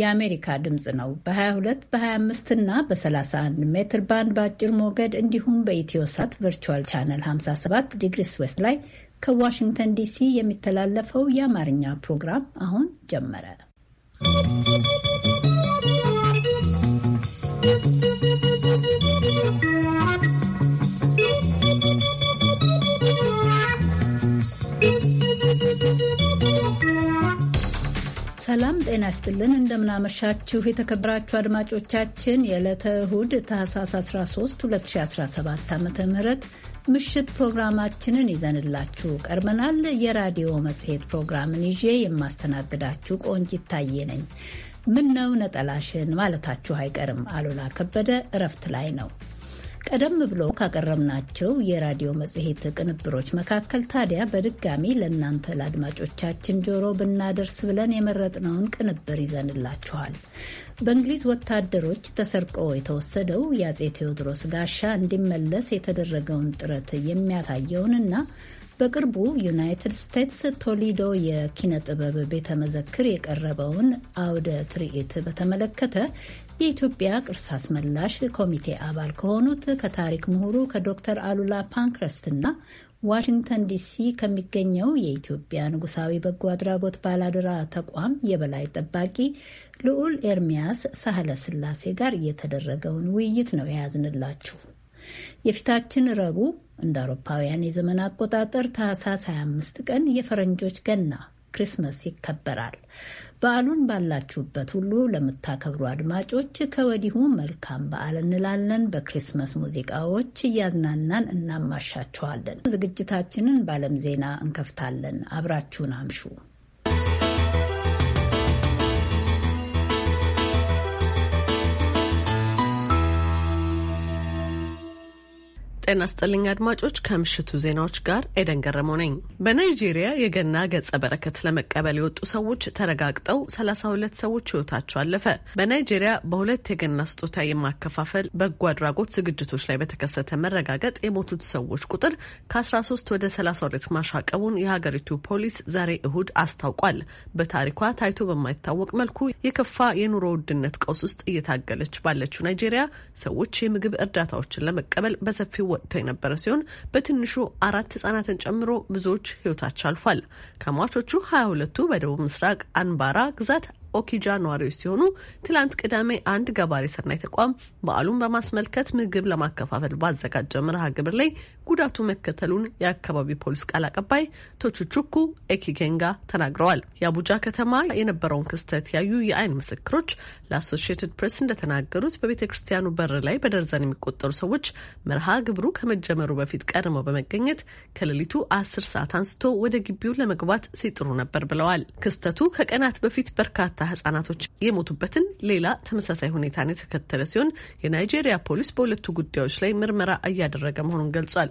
የአሜሪካ ድምፅ ነው። በ22 በ25 እና በ31 ሜትር ባንድ በአጭር ሞገድ እንዲሁም በኢትዮሳት ቨርቹዋል ቻነል 57 ዲግሪስ ዌስት ላይ ከዋሽንግተን ዲሲ የሚተላለፈው የአማርኛ ፕሮግራም አሁን ጀመረ። ሰላም ጤና ይስጥልን። እንደምናመሻችሁ የተከበራችሁ አድማጮቻችን የዕለተ እሁድ ታህሳስ 13 2017 ዓ ም ምሽት ፕሮግራማችንን ይዘንላችሁ ቀርበናል። የራዲዮ መጽሔት ፕሮግራምን ይዤ የማስተናግዳችሁ ቆንጅ ይታየ ነኝ። ምን ነው ነጠላሽን ማለታችሁ አይቀርም። አሉላ ከበደ እረፍት ላይ ነው። ቀደም ብሎ ካቀረብናቸው የራዲዮ መጽሔት ቅንብሮች መካከል ታዲያ በድጋሚ ለእናንተ ለአድማጮቻችን ጆሮ ብናደርስ ብለን የመረጥነውን ቅንብር ይዘንላችኋል። በእንግሊዝ ወታደሮች ተሰርቆ የተወሰደው የአጼ ቴዎድሮስ ጋሻ እንዲመለስ የተደረገውን ጥረት የሚያሳየውንና በቅርቡ ዩናይትድ ስቴትስ ቶሊዶ የኪነ ጥበብ ቤተ መዘክር የቀረበውን አውደ ትርኢት በተመለከተ የኢትዮጵያ ቅርስ አስመላሽ ኮሚቴ አባል ከሆኑት ከታሪክ ምሁሩ ከዶክተር አሉላ ፓንክረስትና ዋሽንግተን ዲሲ ከሚገኘው የኢትዮጵያ ንጉሳዊ በጎ አድራጎት ባላደራ ተቋም የበላይ ጠባቂ ልዑል ኤርሚያስ ሳህለ ስላሴ ጋር የተደረገውን ውይይት ነው የያዝንላችሁ። የፊታችን ረቡዕ እንደ አውሮፓውያን የዘመን አቆጣጠር ታህሳስ 25 ቀን የፈረንጆች ገና ክሪስመስ ይከበራል። በዓሉን ባላችሁበት ሁሉ ለምታከብሩ አድማጮች ከወዲሁ መልካም በዓል እንላለን። በክሪስመስ ሙዚቃዎች እያዝናናን እናማሻችኋለን። ዝግጅታችንን በዓለም ዜና እንከፍታለን። አብራችሁን አምሹ። ጤና ስጥልኝ አድማጮች፣ ከምሽቱ ዜናዎች ጋር ኤደን ገረሞ ነኝ። በናይጄሪያ የገና ገጸ በረከት ለመቀበል የወጡ ሰዎች ተረጋግጠው 32 ሰዎች ህይወታቸው አለፈ። በናይጄሪያ በሁለት የገና ስጦታ የማከፋፈል በጎ አድራጎት ዝግጅቶች ላይ በተከሰተ መረጋገጥ የሞቱት ሰዎች ቁጥር ከ13 ወደ 32 ማሻቀቡን የሀገሪቱ ፖሊስ ዛሬ እሁድ አስታውቋል። በታሪኳ ታይቶ በማይታወቅ መልኩ የከፋ የኑሮ ውድነት ቀውስ ውስጥ እየታገለች ባለችው ናይጄሪያ ሰዎች የምግብ እርዳታዎችን ለመቀበል በሰፊው ወጥቶ የነበረ ሲሆን በትንሹ አራት ህጻናትን ጨምሮ ብዙዎች ህይወታቸው አልፏል። ከሟቾቹ ሀያ ሁለቱ በደቡብ ምስራቅ አንባራ ግዛት ኦኪጃ ነዋሪዎች ሲሆኑ ትላንት ቅዳሜ አንድ ገባሬ ሰናይ ተቋም በዓሉን በማስመልከት ምግብ ለማከፋፈል ባዘጋጀው መርሃ ግብር ላይ ጉዳቱ መከተሉን የአካባቢው ፖሊስ ቃል አቀባይ ቶቹቹኩ ኤኪጌንጋ ተናግረዋል። የአቡጃ ከተማ የነበረውን ክስተት ያዩ የአይን ምስክሮች ለአሶሺየትድ ፕሬስ እንደተናገሩት በቤተ ክርስቲያኑ በር ላይ በደርዘን የሚቆጠሩ ሰዎች መርሃ ግብሩ ከመጀመሩ በፊት ቀድመው በመገኘት ከሌሊቱ አስር ሰዓት አንስቶ ወደ ግቢው ለመግባት ሲጥሩ ነበር ብለዋል። ክስተቱ ከቀናት በፊት በርካታ ህጻናቶች የሞቱበትን ሌላ ተመሳሳይ ሁኔታን የተከተለ ሲሆን የናይጄሪያ ፖሊስ በሁለቱ ጉዳዮች ላይ ምርመራ እያደረገ መሆኑን ገልጿል።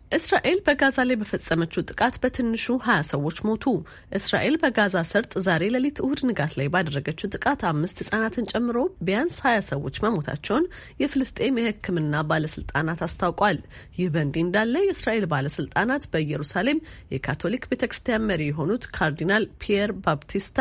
እስራኤል በጋዛ ላይ በፈጸመችው ጥቃት በትንሹ ሀያ ሰዎች ሞቱ። እስራኤል በጋዛ ሰርጥ ዛሬ ሌሊት እሁድ ንጋት ላይ ባደረገችው ጥቃት አምስት ህጻናትን ጨምሮ ቢያንስ ሀያ ሰዎች መሞታቸውን የፍልስጤም የሕክምና ባለስልጣናት አስታውቋል። ይህ በእንዲህ እንዳለ የእስራኤል ባለስልጣናት በኢየሩሳሌም የካቶሊክ ቤተ ክርስቲያን መሪ የሆኑት ካርዲናል ፒየር ባፕቲስታ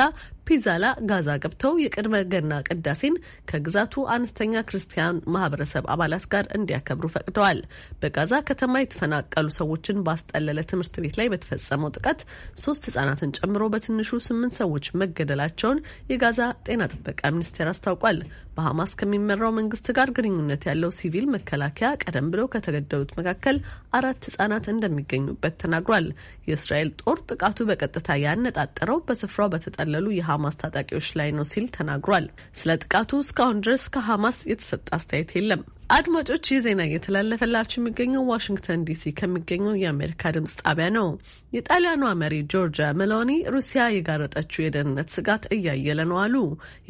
ፒዛላ ጋዛ ገብተው የቅድመ ገና ቅዳሴን ከግዛቱ አነስተኛ ክርስቲያን ማህበረሰብ አባላት ጋር እንዲያከብሩ ፈቅደዋል። በጋዛ ከተማ የተፈናቀ ያልቻሉ ሰዎችን ባስጠለለ ትምህርት ቤት ላይ በተፈጸመው ጥቃት ሶስት ህጻናትን ጨምሮ በትንሹ ስምንት ሰዎች መገደላቸውን የጋዛ ጤና ጥበቃ ሚኒስቴር አስታውቋል። በሐማስ ከሚመራው መንግስት ጋር ግንኙነት ያለው ሲቪል መከላከያ ቀደም ብለው ከተገደሉት መካከል አራት ህጻናት እንደሚገኙበት ተናግሯል። የእስራኤል ጦር ጥቃቱ በቀጥታ ያነጣጠረው በስፍራው በተጠለሉ የሐማስ ታጣቂዎች ላይ ነው ሲል ተናግሯል። ስለ ጥቃቱ እስካሁን ድረስ ከሐማስ የተሰጠ አስተያየት የለም። አድማጮች ይህ ዜና እየተላለፈላችሁ የሚገኘው ዋሽንግተን ዲሲ ከሚገኘው የአሜሪካ ድምጽ ጣቢያ ነው። የጣሊያኗ መሪ ጆርጂያ ሜሎኒ ሩሲያ የጋረጠችው የደህንነት ስጋት እያየለ ነው አሉ።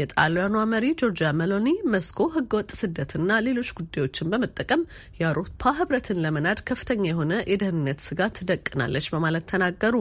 የጣሊያኗ መሪ ጆርጂያ ሜሎኒ መስኮ ህገወጥ ስደትና ሌሎች ጉዳዮችን በመጠቀም የአውሮፓ ህብረትን ለመናድ ከፍተኛ የሆነ የደህንነት ስጋት ደቅናለች በማለት ተናገሩ።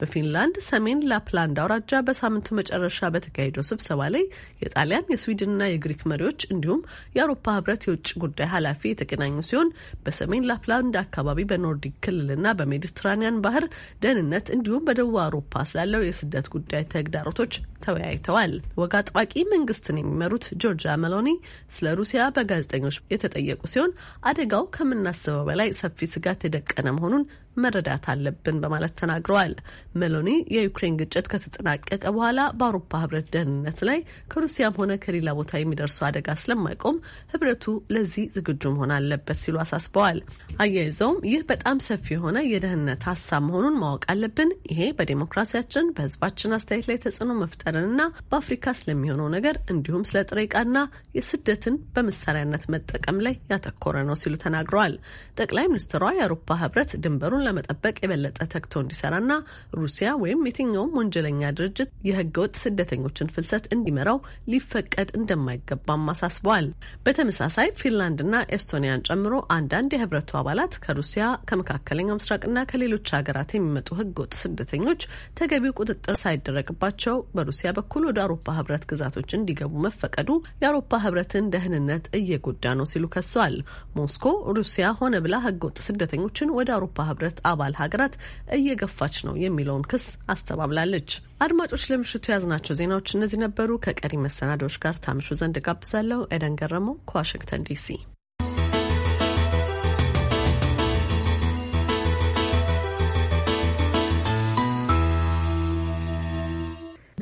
በፊንላንድ ሰሜን ላፕላንድ አውራጃ በሳምንቱ መጨረሻ በተካሄደው ስብሰባ ላይ የጣሊያን የስዊድንና የግሪክ መሪዎች እንዲሁም የአውሮፓ ህብረት የውጭ ጉዳይ ጉዳይ ኃላፊ የተገናኙ ሲሆን በሰሜን ላፕላንድ አካባቢ በኖርዲክ ክልልና በሜዲትራኒያን ባህር ደህንነት እንዲሁም በደቡብ አውሮፓ ስላለው የስደት ጉዳይ ተግዳሮቶች ተወያይተዋል። ወግ አጥባቂ መንግስትን የሚመሩት ጆርጂያ መሎኒ ስለ ሩሲያ በጋዜጠኞች የተጠየቁ ሲሆን አደጋው ከምናስበው በላይ ሰፊ ስጋት የደቀነ መሆኑን መረዳት አለብን በማለት ተናግረዋል። መሎኒ የዩክሬን ግጭት ከተጠናቀቀ በኋላ በአውሮፓ ህብረት ደህንነት ላይ ከሩሲያም ሆነ ከሌላ ቦታ የሚደርሰው አደጋ ስለማይቆም ህብረቱ ለዚህ ዝግጁ መሆን አለበት ሲሉ አሳስበዋል። አያይዘውም ይህ በጣም ሰፊ የሆነ የደህንነት ሀሳብ መሆኑን ማወቅ አለብን። ይሄ በዴሞክራሲያችን፣ በህዝባችን አስተያየት ላይ ተጽዕኖ መፍጠር መጠንና በአፍሪካ ስለሚሆነው ነገር እንዲሁም ስለ ጥሬ ዕቃና የስደትን በመሳሪያነት መጠቀም ላይ ያተኮረ ነው ሲሉ ተናግረዋል። ጠቅላይ ሚኒስትሯ የአውሮፓ ህብረት ድንበሩን ለመጠበቅ የበለጠ ተግቶ እንዲሰራና ሩሲያ ወይም የትኛውም ወንጀለኛ ድርጅት የህገወጥ ስደተኞችን ፍልሰት እንዲመራው ሊፈቀድ እንደማይገባም አሳስበዋል። በተመሳሳይ ፊንላንድና ኤስቶኒያን ጨምሮ አንዳንድ የህብረቱ አባላት ከሩሲያ ከመካከለኛው ምስራቅና ከሌሎች ሀገራት የሚመጡ ህገወጥ ስደተኞች ተገቢው ቁጥጥር ሳይደረግባቸው በሩ በሩሲያ በኩል ወደ አውሮፓ ህብረት ግዛቶች እንዲገቡ መፈቀዱ የአውሮፓ ህብረትን ደህንነት እየጎዳ ነው ሲሉ ከሰዋል። ሞስኮ ሩሲያ ሆነ ብላ ህገወጥ ስደተኞችን ወደ አውሮፓ ህብረት አባል ሀገራት እየገፋች ነው የሚለውን ክስ አስተባብላለች። አድማጮች ለምሽቱ የያዝናቸው ዜናዎች እነዚህ ነበሩ። ከቀሪ መሰናዶዎች ጋር ታምሹ ዘንድ ጋብዛለሁ። ኤደን ገረመው ከዋሽንግተን ዲሲ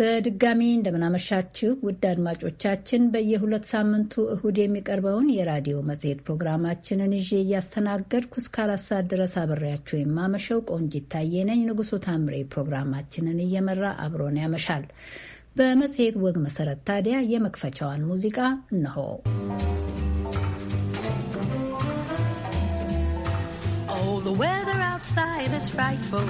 በድጋሚ እንደምናመሻችሁ ውድ አድማጮቻችን በየሁለት ሳምንቱ እሁድ የሚቀርበውን የራዲዮ መጽሔት ፕሮግራማችንን ይዤ እያስተናገድኩ እስከ አራት ሰዓት ድረስ አብሬያችሁ የማመሸው ቆንጅ ታዬ ነኝ። ንጉሱ ታምሬ ፕሮግራማችንን እየመራ አብሮን ያመሻል። በመጽሔት ወግ መሰረት ታዲያ የመክፈቻዋን ሙዚቃ እነሆ። Oh, the weather outside is frightful,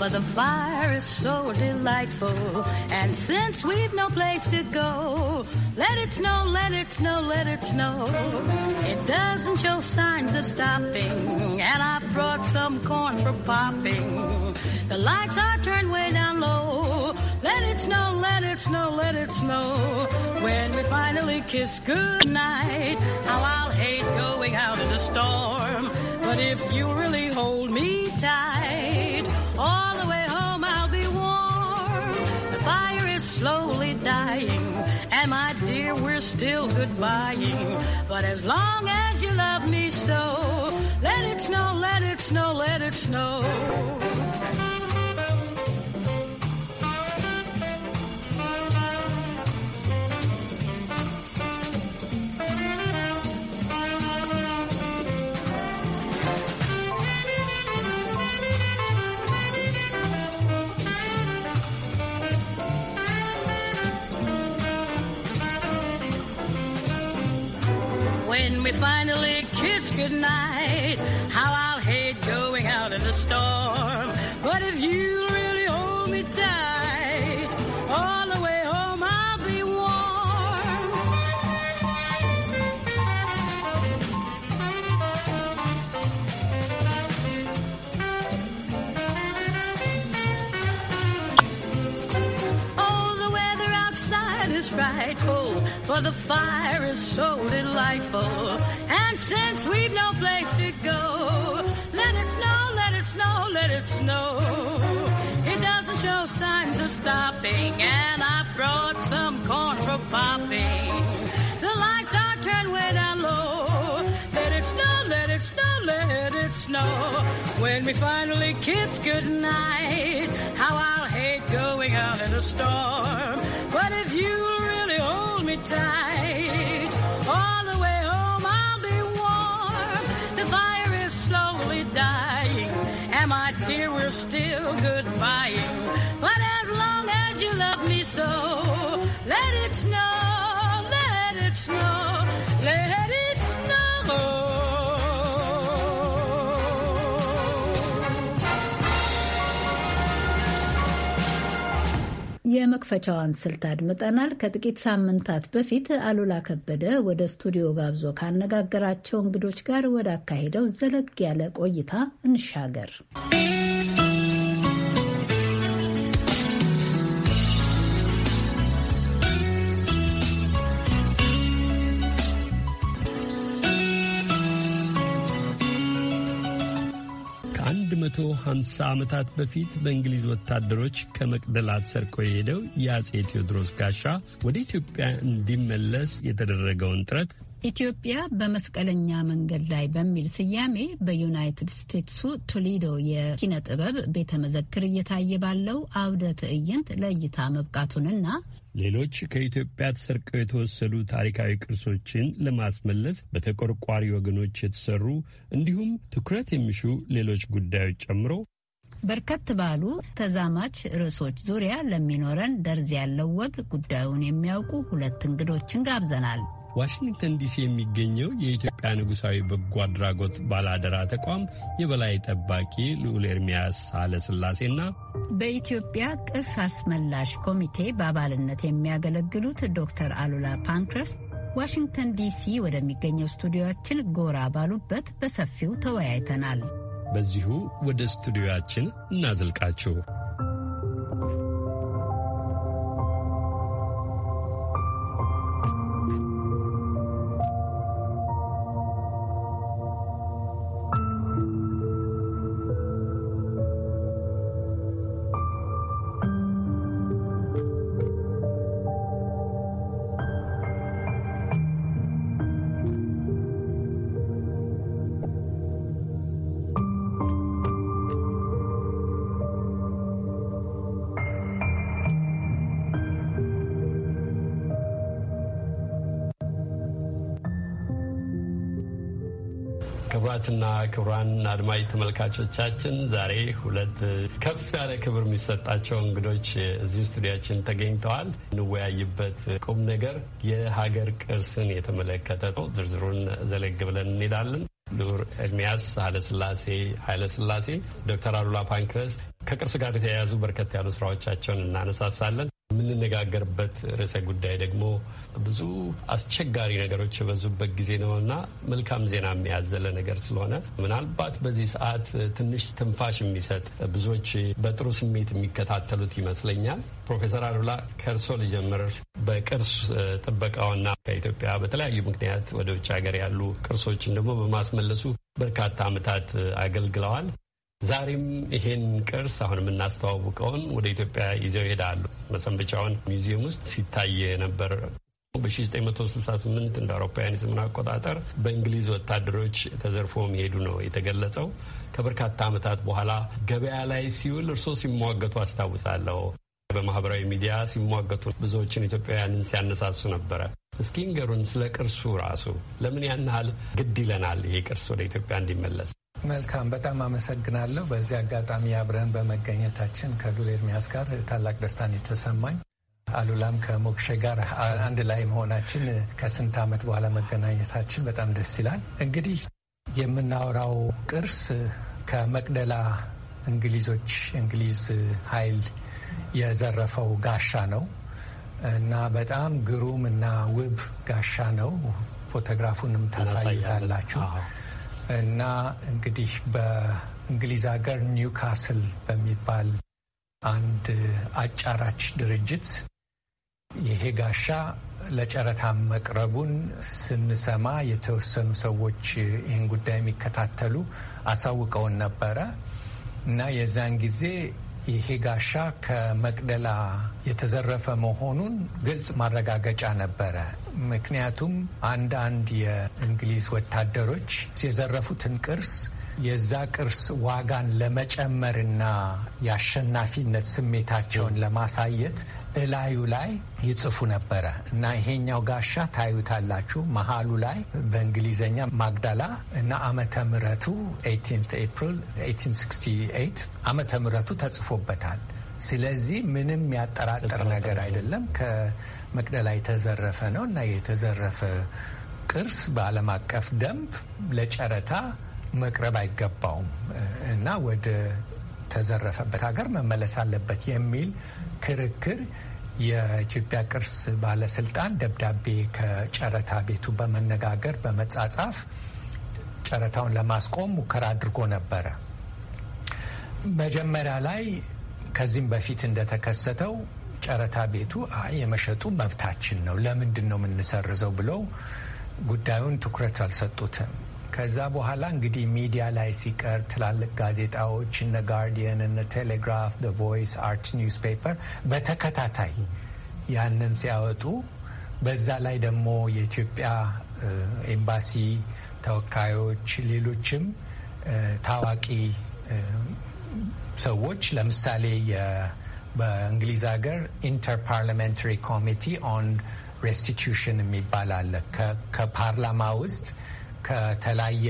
but the fire is so delightful. And since we've no place to go, let it snow, let it snow, let it snow. It doesn't show signs of stopping, and I brought some corn for popping. The lights are turned way down low. Let it snow, let it snow, let it snow. When we finally kiss goodnight, how I'll hate going out in the storm. But if you really hold me tight, all the way home I'll be warm. The fire is slowly dying, and my dear, we're still goodbying. But as long as you love me so, let it snow, let it snow, let it snow. we finally kiss goodnight, how I'll hate going out in the storm. But if you for the fire is so delightful. And since we've no place to go, let it snow, let it snow, let it snow. It doesn't show signs of stopping, and I brought some corn for popping. The lights are turned way down low. Let it snow, let it snow, let it snow. When we finally kiss goodnight, how I'll hate going out in a storm. But if you tight. All the way home I'll be warm. The fire is slowly dying, and my dear, we're still goodbying. But as long as you love me so, let it snow, let it snow, let it የመክፈቻዋን ስልት አድምጠናል። ከጥቂት ሳምንታት በፊት አሉላ ከበደ ወደ ስቱዲዮ ጋብዞ ካነጋገራቸው እንግዶች ጋር ወደ አካሄደው ዘለግ ያለ ቆይታ እንሻገር። 150 ዓመታት በፊት በእንግሊዝ ወታደሮች ከመቅደላት ሰርቆ የሄደው የአጼ ቴዎድሮስ ጋሻ ወደ ኢትዮጵያ እንዲመለስ የተደረገውን ጥረት ኢትዮጵያ በመስቀለኛ መንገድ ላይ በሚል ስያሜ በዩናይትድ ስቴትሱ ቶሌዶ የኪነ ጥበብ ቤተ መዘክር እየታየ ባለው አውደ ትዕይንት ለእይታ መብቃቱንና ሌሎች ከኢትዮጵያ ተሰርቀው የተወሰዱ ታሪካዊ ቅርሶችን ለማስመለስ በተቆርቋሪ ወገኖች የተሰሩ እንዲሁም ትኩረት የሚሹ ሌሎች ጉዳዮች ጨምሮ በርከት ባሉ ተዛማች ርዕሶች ዙሪያ ለሚኖረን ደርዝ ያለው ወግ ጉዳዩን የሚያውቁ ሁለት እንግዶችን ጋብዘናል። ዋሽንግተን ዲሲ የሚገኘው የኢትዮጵያ ንጉሣዊ በጎ አድራጎት ባላደራ ተቋም የበላይ ጠባቂ ልዑል ኤርሚያስ ሳለስላሴና በኢትዮጵያ ቅርስ አስመላሽ ኮሚቴ በአባልነት የሚያገለግሉት ዶክተር አሉላ ፓንክረስት ዋሽንግተን ዲሲ ወደሚገኘው ስቱዲዮችን ጎራ ባሉበት በሰፊው ተወያይተናል። በዚሁ ወደ ስቱዲዮችን እናዝልቃችሁ። ክቡራትና ክቡራን አድማጭ ተመልካቾቻችን ዛሬ ሁለት ከፍ ያለ ክብር የሚሰጣቸው እንግዶች እዚህ ስቱዲያችን ተገኝተዋል። እንወያይበት ቁም ነገር የሀገር ቅርስን የተመለከተ ነው። ዝርዝሩን ዘለግ ብለን እንሄዳለን። ዱር ኤርሚያስ ኃይለስላሴ ኃይለስላሴ ዶክተር አሉላ ፓንክረስ ከቅርስ ጋር የተያያዙ በርከት ያሉ ስራዎቻቸውን እናነሳሳለን። የምንነጋገርበት ርዕሰ ጉዳይ ደግሞ ብዙ አስቸጋሪ ነገሮች የበዙበት ጊዜ ነውና መልካም ዜና የሚያዘለ ነገር ስለሆነ ምናልባት በዚህ ሰዓት ትንሽ ትንፋሽ የሚሰጥ ብዙዎች በጥሩ ስሜት የሚከታተሉት ይመስለኛል። ፕሮፌሰር አሉላ ከእርሶ ልጀምር። በቅርስ ጥበቃውና ከኢትዮጵያ በተለያዩ ምክንያት ወደ ውጭ ሀገር ያሉ ቅርሶችን ደግሞ በማስመለሱ በርካታ ዓመታት አገልግለዋል። ዛሬም ይሄን ቅርስ አሁን የምናስተዋውቀውን ወደ ኢትዮጵያ ይዘው ይሄዳሉ። መሰንበቻውን ሚውዚየም ውስጥ ሲታይ ነበር። በ1968 እንደ አውሮፓውያን የዘመን አቆጣጠር በእንግሊዝ ወታደሮች ተዘርፎ መሄዱ ነው የተገለጸው። ከበርካታ ዓመታት በኋላ ገበያ ላይ ሲውል እርስዎ ሲሟገቱ አስታውሳለሁ። በማህበራዊ ሚዲያ ሲሟገቱ ብዙዎችን ኢትዮጵያውያንን ሲያነሳሱ ነበረ። እስኪ ንገሩን ስለ ቅርሱ ራሱ ለምን ያን ግድ ይለናል ይሄ ቅርስ ወደ ኢትዮጵያ እንዲመለስ? መልካም፣ በጣም አመሰግናለሁ። በዚህ አጋጣሚ አብረን በመገኘታችን ከዱል ኤርሚያስ ጋር ታላቅ ደስታን የተሰማኝ አሉላም ከሞክሼ ጋር አንድ ላይ መሆናችን ከስንት ዓመት በኋላ መገናኘታችን በጣም ደስ ይላል። እንግዲህ የምናወራው ቅርስ ከመቅደላ እንግሊዞች እንግሊዝ ኃይል የዘረፈው ጋሻ ነው። እና በጣም ግሩም እና ውብ ጋሻ ነው። ፎቶግራፉንም ታሳይታላችሁ እና እንግዲህ በእንግሊዝ ሀገር ኒውካስል በሚባል አንድ አጫራች ድርጅት ይሄ ጋሻ ለጨረታ መቅረቡን ስንሰማ የተወሰኑ ሰዎች ይህን ጉዳይ የሚከታተሉ አሳውቀውን ነበረ እና የዛን ጊዜ ይሄ ጋሻ ከመቅደላ የተዘረፈ መሆኑን ግልጽ ማረጋገጫ ነበረ። ምክንያቱም አንዳንድ የእንግሊዝ ወታደሮች የዘረፉትን ቅርስ የዛ ቅርስ ዋጋን ለመጨመርና የአሸናፊነት ስሜታቸውን ለማሳየት እላዩ ላይ ይጽፉ ነበረ እና ይሄኛው ጋሻ ታዩታላችሁ መሀሉ ላይ በእንግሊዝኛ ማግዳላ እና አመተ ምረቱ 18 ኤፕሪል 1868 ዓመተ ተጽፎበታል። ስለዚህ ምንም ያጠራጠር ነገር አይደለም። ከመቅደላ የተዘረፈ ነው እና የተዘረፈ ቅርስ በዓለም አቀፍ ደንብ ለጨረታ መቅረብ አይገባውም እና ወደ ተዘረፈበት ሀገር መመለስ አለበት የሚል ክርክር የኢትዮጵያ ቅርስ ባለስልጣን ደብዳቤ ከጨረታ ቤቱ በመነጋገር በመጻጻፍ ጨረታውን ለማስቆም ሙከራ አድርጎ ነበረ። መጀመሪያ ላይ ከዚህም በፊት እንደተከሰተው ጨረታ ቤቱ የመሸጡ መብታችን ነው፣ ለምንድን ነው የምንሰርዘው ብለው ጉዳዩን ትኩረት አልሰጡትም። ከዛ በኋላ እንግዲህ ሚዲያ ላይ ሲቀር ትላልቅ ጋዜጣዎች እነ ጋርዲየን፣ እነ ቴሌግራፍ፣ ቮይስ፣ አርት ኒውስ ፔፐር በተከታታይ ያንን ሲያወጡ በዛ ላይ ደግሞ የኢትዮጵያ ኤምባሲ ተወካዮች፣ ሌሎችም ታዋቂ ሰዎች ለምሳሌ በእንግሊዝ ሀገር ኢንተር ፓርላሜንታሪ ኮሚቲ ኦን ሬስቲቱሽን የሚባል አለ። ከፓርላማ ውስጥ ከተለያየ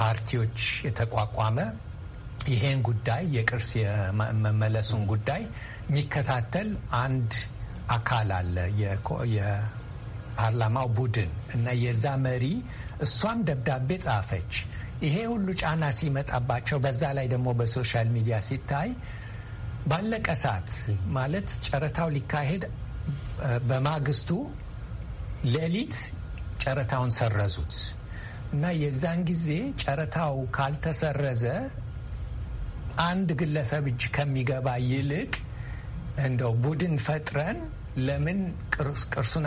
ፓርቲዎች የተቋቋመ ይሄን ጉዳይ የቅርስ የመመለሱን ጉዳይ የሚከታተል አንድ አካል አለ፣ የፓርላማው ቡድን እና የዛ መሪ እሷም ደብዳቤ ጻፈች። ይሄ ሁሉ ጫና ሲመጣባቸው በዛ ላይ ደግሞ በሶሻል ሚዲያ ሲታይ ባለቀ ሰዓት ማለት ጨረታው ሊካሄድ በማግስቱ ሌሊት ጨረታውን ሰረዙት። እና የዛን ጊዜ ጨረታው ካልተሰረዘ አንድ ግለሰብ እጅ ከሚገባ ይልቅ እንደው ቡድን ፈጥረን ለምን ቅርሱን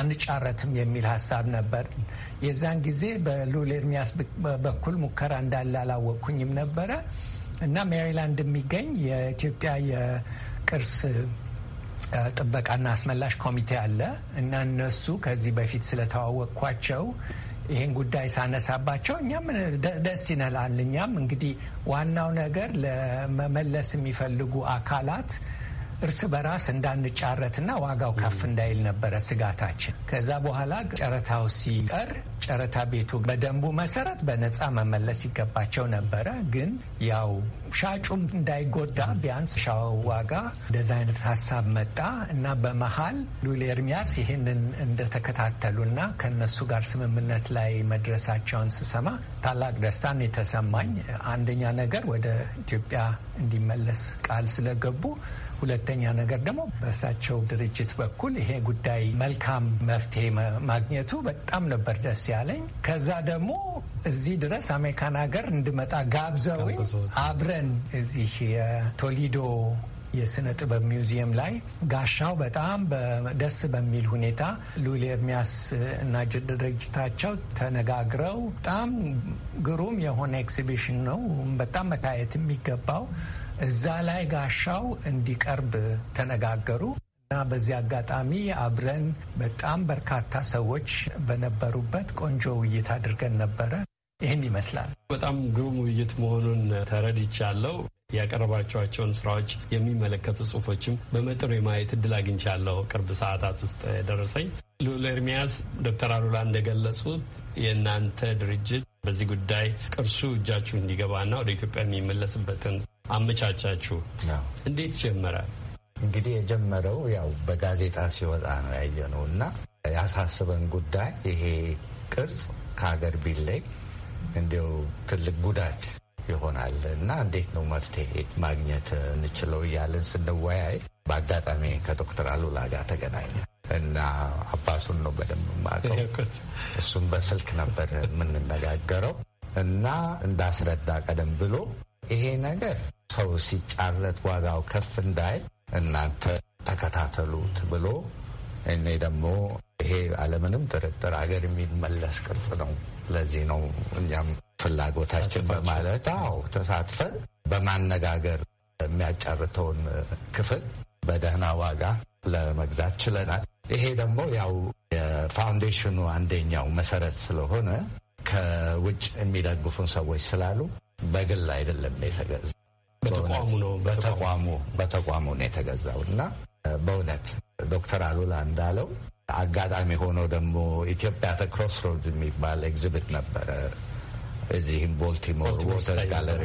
አንጫረትም የሚል ሀሳብ ነበር። የዛን ጊዜ በሉል ኤርሚያስ በኩል ሙከራ እንዳለ አላወቅኩኝም ነበረ እና ሜሪላንድ የሚገኝ የኢትዮጵያ የቅርስ ጥበቃና አስመላሽ ኮሚቴ አለ እና እነሱ ከዚህ በፊት ስለተዋወቅኳቸው ይህን ጉዳይ ሳነሳባቸው እኛም ደስ ይነላል። እኛም እንግዲህ ዋናው ነገር ለመመለስ የሚፈልጉ አካላት እርስ በራስ እንዳንጫረትና ዋጋው ከፍ እንዳይል ነበረ ስጋታችን። ከዛ በኋላ ጨረታው ሲቀር ጨረታ ቤቱ በደንቡ መሰረት በነፃ መመለስ ይገባቸው ነበረ። ግን ያው ሻጩም እንዳይጎዳ ቢያንስ ሻው ዋጋ እንደዚ አይነት ሀሳብ መጣ እና በመሀል ሉል ኤርሚያስ ይህንን እንደተከታተሉና ከነሱ ጋር ስምምነት ላይ መድረሳቸውን ስሰማ ታላቅ ደስታን የተሰማኝ አንደኛ ነገር ወደ ኢትዮጵያ እንዲመለስ ቃል ስለገቡ ሁለተኛ ነገር ደግሞ በእሳቸው ድርጅት በኩል ይሄ ጉዳይ መልካም መፍትሄ ማግኘቱ በጣም ነበር ደስ ያለኝ። ከዛ ደግሞ እዚህ ድረስ አሜሪካን ሀገር እንድመጣ ጋብዘውኝ አብረን እዚህ የቶሊዶ የስነ ጥበብ ሚውዚየም ላይ ጋሻው በጣም ደስ በሚል ሁኔታ ሉል ኤርሚያስ እና ድርጅታቸው ተነጋግረው በጣም ግሩም የሆነ ኤክሲቢሽን ነው። በጣም መታየት የሚገባው እዛ ላይ ጋሻው እንዲቀርብ ተነጋገሩ እና በዚህ አጋጣሚ አብረን በጣም በርካታ ሰዎች በነበሩበት ቆንጆ ውይይት አድርገን ነበረ። ይህን ይመስላል። በጣም ግሩም ውይይት መሆኑን ተረድቻለሁ። ያቀረባቸዋቸውን ስራዎች የሚመለከቱ ጽሁፎችም በመጠኑ የማየት እድል አግኝቻለሁ። ቅርብ ሰዓታት ውስጥ የደረሰኝ ልዑል ኤርሚያስ፣ ዶክተር አሉላ እንደገለጹት የእናንተ ድርጅት በዚህ ጉዳይ ቅርሱ እጃችሁ እንዲገባና ወደ ኢትዮጵያ የሚመለስበትን አመቻቻችሁ እንዴት ጀመረ? እንግዲህ የጀመረው ያው በጋዜጣ ሲወጣ ነው ያየነው እና ያሳስበን ጉዳይ ይሄ ቅርጽ ከሀገር ቢለይ እንዲው ትልቅ ጉዳት ይሆናል እና እንዴት ነው መፍትሄ ማግኘት እንችለው እያለን ስንወያይ በአጋጣሚ ከዶክተር አሉላ ጋር ተገናኘ እና አባሱን ነው በደንብ ማቀው እሱም በስልክ ነበር የምንነጋገረው እና እንዳስረዳ ቀደም ብሎ ይሄ ነገር ሰው ሲጫረት ዋጋው ከፍ እንዳይ እናንተ ተከታተሉት ብሎ እኔ ደግሞ ይሄ አለምንም ጥርጥር አገር የሚመለስ ቅርጽ ነው። ለዚህ ነው እኛም ፍላጎታችን በማለት አዎ ተሳትፈን በማነጋገር የሚያጫርተውን ክፍል በደህና ዋጋ ለመግዛት ችለናል። ይሄ ደግሞ ያው የፋውንዴሽኑ አንደኛው መሰረት ስለሆነ ከውጭ የሚደግፉን ሰዎች ስላሉ በግል አይደለም የተገዛ በተቋሙ በተቋሙ ነው የተገዛው እና በእውነት ዶክተር አሉላ እንዳለው አጋጣሚ ሆኖ ደግሞ ኢትዮጵያ ተክሮስ ሮድ የሚባል ኤግዚቢት ነበረ እዚህም ቦልቲሞር ዎተርስ ጋለሪ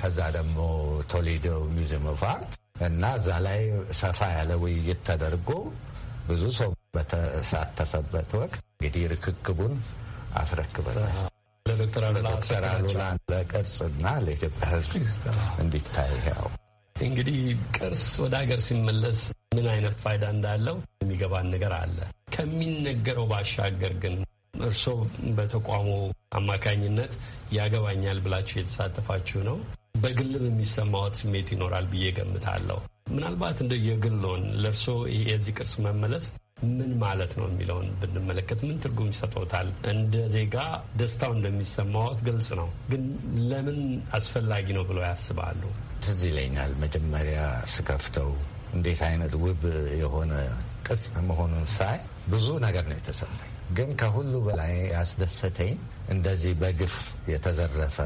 ከዛ ደግሞ ቶሌዶ ሚዚየም ኦፍ አርት እና እዛ ላይ ሰፋ ያለ ውይይት ተደርጎ ብዙ ሰው በተሳተፈበት ወቅት እንግዲህ ርክክቡን አስረክበናል። ለዶክተር አሉላ ለቅርጽና ለኢትዮጵያ ሕዝብ እንዲታይ ያው እንግዲህ ቅርስ ወደ ሀገር ሲመለስ ምን አይነት ፋይዳ እንዳለው የሚገባን ነገር አለ። ከሚነገረው ባሻገር ግን እርስዎ በተቋሙ አማካኝነት ያገባኛል ብላችሁ የተሳተፋችሁ ነው። በግልም የሚሰማዎት ስሜት ይኖራል ብዬ ገምታለሁ። ምናልባት እንደ የግልዎን ለእርስዎ የዚህ ቅርስ መመለስ ምን ማለት ነው የሚለውን ብንመለከት ምን ትርጉም ይሰጠውታል? እንደ ዜጋ ደስታው እንደሚሰማዎት ግልጽ ነው፣ ግን ለምን አስፈላጊ ነው ብለው ያስባሉ? ትዝ ይለኛል መጀመሪያ ስከፍተው እንዴት አይነት ውብ የሆነ ቅርጽ መሆኑን ሳይ ብዙ ነገር ነው የተሰማኝ። ግን ከሁሉ በላይ ያስደሰተኝ እንደዚህ በግፍ የተዘረፈ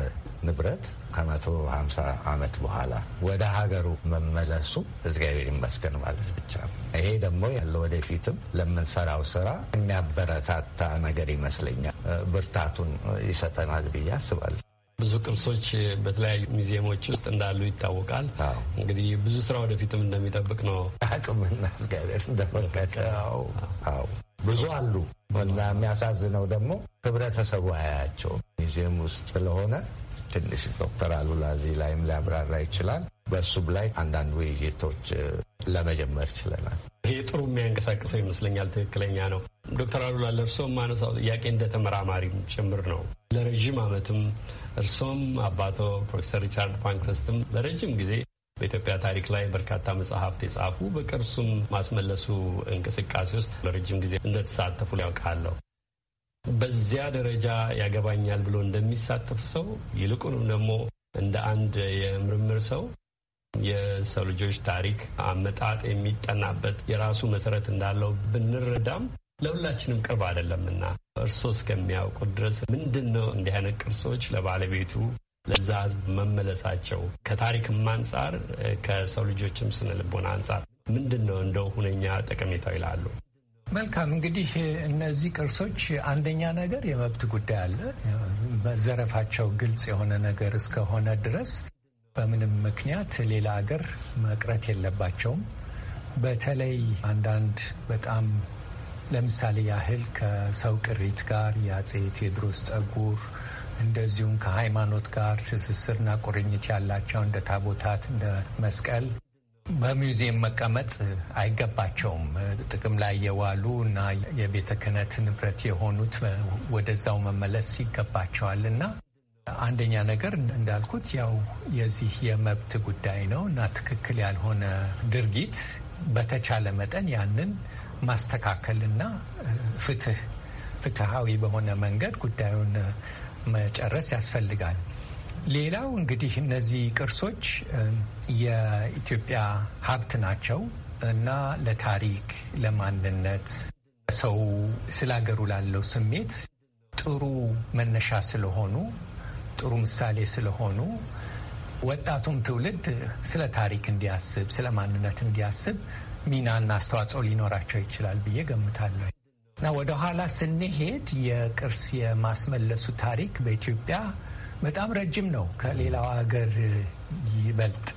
ንብረት ከመቶ ሃምሳ ዓመት በኋላ ወደ ሀገሩ መመለሱ እግዚአብሔር ይመስገን ማለት ብቻ ነው። ይሄ ደግሞ ያለ ወደፊትም ለምንሰራው ስራ የሚያበረታታ ነገር ይመስለኛል። ብርታቱን ይሰጠናል ብዬ አስባለሁ። ብዙ ቅርሶች በተለያዩ ሙዚየሞች ውስጥ እንዳሉ ይታወቃል። እንግዲህ ብዙ ስራ ወደፊትም እንደሚጠብቅ ነው አቅምና እግዚአብሔር እንደመቀቀ ብዙ አሉ እና የሚያሳዝነው ደግሞ ህብረተሰቡ አያያቸው ሙዚየም ውስጥ ስለሆነ ትንሽ ዶክተር አሉላ እዚህ ላይም ሊያብራራ ይችላል። በእሱም ላይ አንዳንድ ውይይቶች ለመጀመር ችለናል። ይሄ ጥሩ የሚያንቀሳቅሰው ይመስለኛል። ትክክለኛ ነው ዶክተር አሉላ ለእርስዎም ማነሳው ጥያቄ እንደ ተመራማሪም ጭምር ነው። ለረዥም ዓመትም እርስዎም አባቶ ፕሮፌሰር ሪቻርድ ፓንክረስትም ለረዥም ጊዜ በኢትዮጵያ ታሪክ ላይ በርካታ መጽሐፍት የጻፉ በቅርሱም ማስመለሱ እንቅስቃሴ ውስጥ ለረጅም ጊዜ እንደተሳተፉ ያውቃለሁ። በዚያ ደረጃ ያገባኛል ብሎ እንደሚሳተፍ ሰው ይልቁንም ደግሞ እንደ አንድ የምርምር ሰው የሰው ልጆች ታሪክ አመጣጥ የሚጠናበት የራሱ መሰረት እንዳለው ብንረዳም ለሁላችንም ቅርብ አይደለምና እርስዎ እስከሚያውቁት ድረስ ምንድን ነው እንዲህ አይነት ቅርሶች ለባለቤቱ ለዛ ህዝብ መመለሳቸው ከታሪክም አንጻር ከሰው ልጆችም ስነ ልቦና አንጻር ምንድን ነው እንደው ሁነኛ ጠቀሜታው ይላሉ? መልካም እንግዲህ እነዚህ ቅርሶች አንደኛ ነገር የመብት ጉዳይ አለ። መዘረፋቸው ግልጽ የሆነ ነገር እስከሆነ ድረስ በምንም ምክንያት ሌላ ሀገር መቅረት የለባቸውም። በተለይ አንዳንድ በጣም ለምሳሌ ያህል ከሰው ቅሪት ጋር የአፄ ቴዎድሮስ ጸጉር እንደዚሁም ከሃይማኖት ጋር ትስስርና ቁርኝት ያላቸው እንደ ታቦታት፣ እንደ መስቀል በሚውዚየም መቀመጥ አይገባቸውም። ጥቅም ላይ የዋሉ እና የቤተ ክህነት ንብረት የሆኑት ወደዛው መመለስ ይገባቸዋል እና አንደኛ ነገር እንዳልኩት ያው የዚህ የመብት ጉዳይ ነው እና ትክክል ያልሆነ ድርጊት በተቻለ መጠን ያንን ማስተካከልና ፍትህ ፍትሃዊ በሆነ መንገድ ጉዳዩን መጨረስ ያስፈልጋል። ሌላው እንግዲህ እነዚህ ቅርሶች የኢትዮጵያ ሀብት ናቸው እና ለታሪክ፣ ለማንነት፣ ሰው ሀገሩ ላለው ስሜት ጥሩ መነሻ ስለሆኑ ጥሩ ምሳሌ ስለሆኑ ወጣቱም ትውልድ ስለ ታሪክ እንዲያስብ፣ ስለ ማንነት እንዲያስብ ሚናና አስተዋጽኦ ሊኖራቸው ይችላል ብዬ ገምታለሁ። እና ወደ ኋላ ስንሄድ የቅርስ የማስመለሱ ታሪክ በኢትዮጵያ በጣም ረጅም ነው፣ ከሌላው ሀገር ይበልጥ።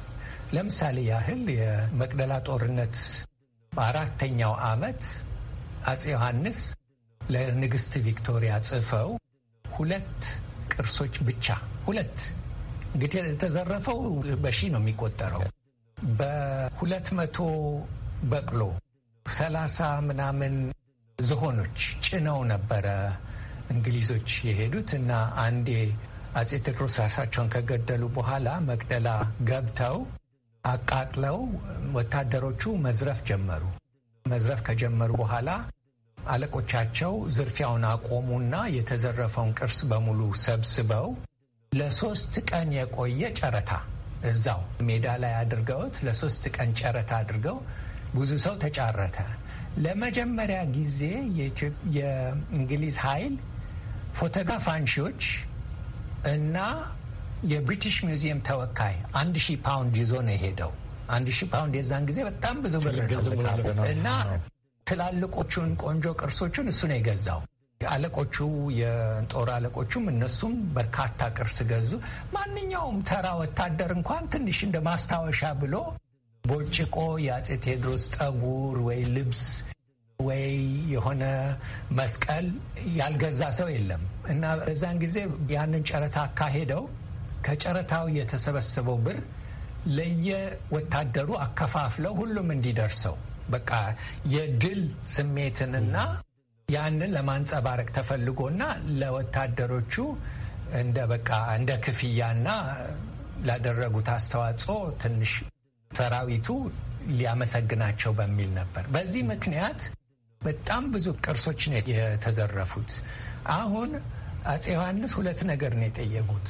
ለምሳሌ ያህል የመቅደላ ጦርነት በአራተኛው ዓመት አጼ ዮሐንስ ለንግሥት ቪክቶሪያ ጽፈው ሁለት ቅርሶች ብቻ ሁለት እንግዲህ የተዘረፈው በሺ ነው የሚቆጠረው። በሁለት መቶ በቅሎ ሰላሳ ምናምን ዝሆኖች ጭነው ነበረ እንግሊዞች የሄዱት እና አንዴ አጼ ቴዎድሮስ ራሳቸውን ከገደሉ በኋላ መቅደላ ገብተው አቃጥለው ወታደሮቹ መዝረፍ ጀመሩ። መዝረፍ ከጀመሩ በኋላ አለቆቻቸው ዝርፊያውን አቆሙና የተዘረፈውን ቅርስ በሙሉ ሰብስበው ለሶስት ቀን የቆየ ጨረታ እዛው ሜዳ ላይ አድርገውት ለሶስት ቀን ጨረታ አድርገው ብዙ ሰው ተጫረተ። ለመጀመሪያ ጊዜ የእንግሊዝ ኃይል ፎቶግራፍ አንሺዎች እና የብሪቲሽ ሚውዚየም ተወካይ አንድ ሺህ ፓውንድ ይዞ ነው የሄደው። አንድ ሺህ ፓውንድ የዛን ጊዜ በጣም ብዙ ብር እና ትላልቆቹን ቆንጆ ቅርሶቹን እሱ ነው የገዛው። አለቆቹ የጦር አለቆቹም እነሱም በርካታ ቅርስ ገዙ። ማንኛውም ተራ ወታደር እንኳን ትንሽ እንደ ማስታወሻ ብሎ ቦጭቆ የአጼ ቴዎድሮስ ጸጉር ወይ ልብስ ወይ የሆነ መስቀል ያልገዛ ሰው የለም እና በዛን ጊዜ ያንን ጨረታ አካሄደው ከጨረታው የተሰበሰበው ብር ለየወታደሩ አከፋፍለው ሁሉም እንዲደርሰው በቃ የድል ስሜትንና ያንን ለማንጸባረቅ ተፈልጎና ለወታደሮቹ እንደ በቃ እንደ ክፍያና ላደረጉት አስተዋጽኦ ትንሽ ሰራዊቱ ሊያመሰግናቸው በሚል ነበር። በዚህ ምክንያት በጣም ብዙ ቅርሶች ነው የተዘረፉት። አሁን አፄ ዮሐንስ ሁለት ነገር ነው የጠየቁት።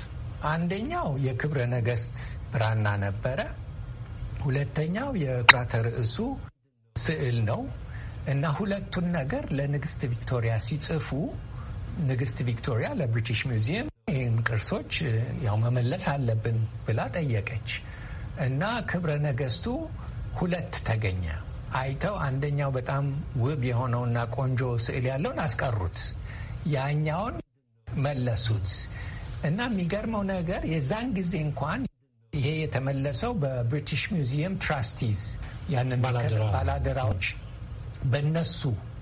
አንደኛው የክብረ ነገስት ብራና ነበረ። ሁለተኛው የኩራተ ርዕሱ ስዕል ነው እና ሁለቱን ነገር ለንግስት ቪክቶሪያ ሲጽፉ ንግስት ቪክቶሪያ ለብሪቲሽ ሚውዚየም ይህን ቅርሶች ያው መመለስ አለብን ብላ ጠየቀች። እና ክብረ ነገስቱ ሁለት ተገኘ። አይተው አንደኛው በጣም ውብ የሆነውና ቆንጆ ስዕል ያለውን አስቀሩት፣ ያኛውን መለሱት እና የሚገርመው ነገር የዛን ጊዜ እንኳን ይሄ የተመለሰው በብሪቲሽ ሚውዚየም ትራስቲዝ ያንን ባላደራዎች በነሱ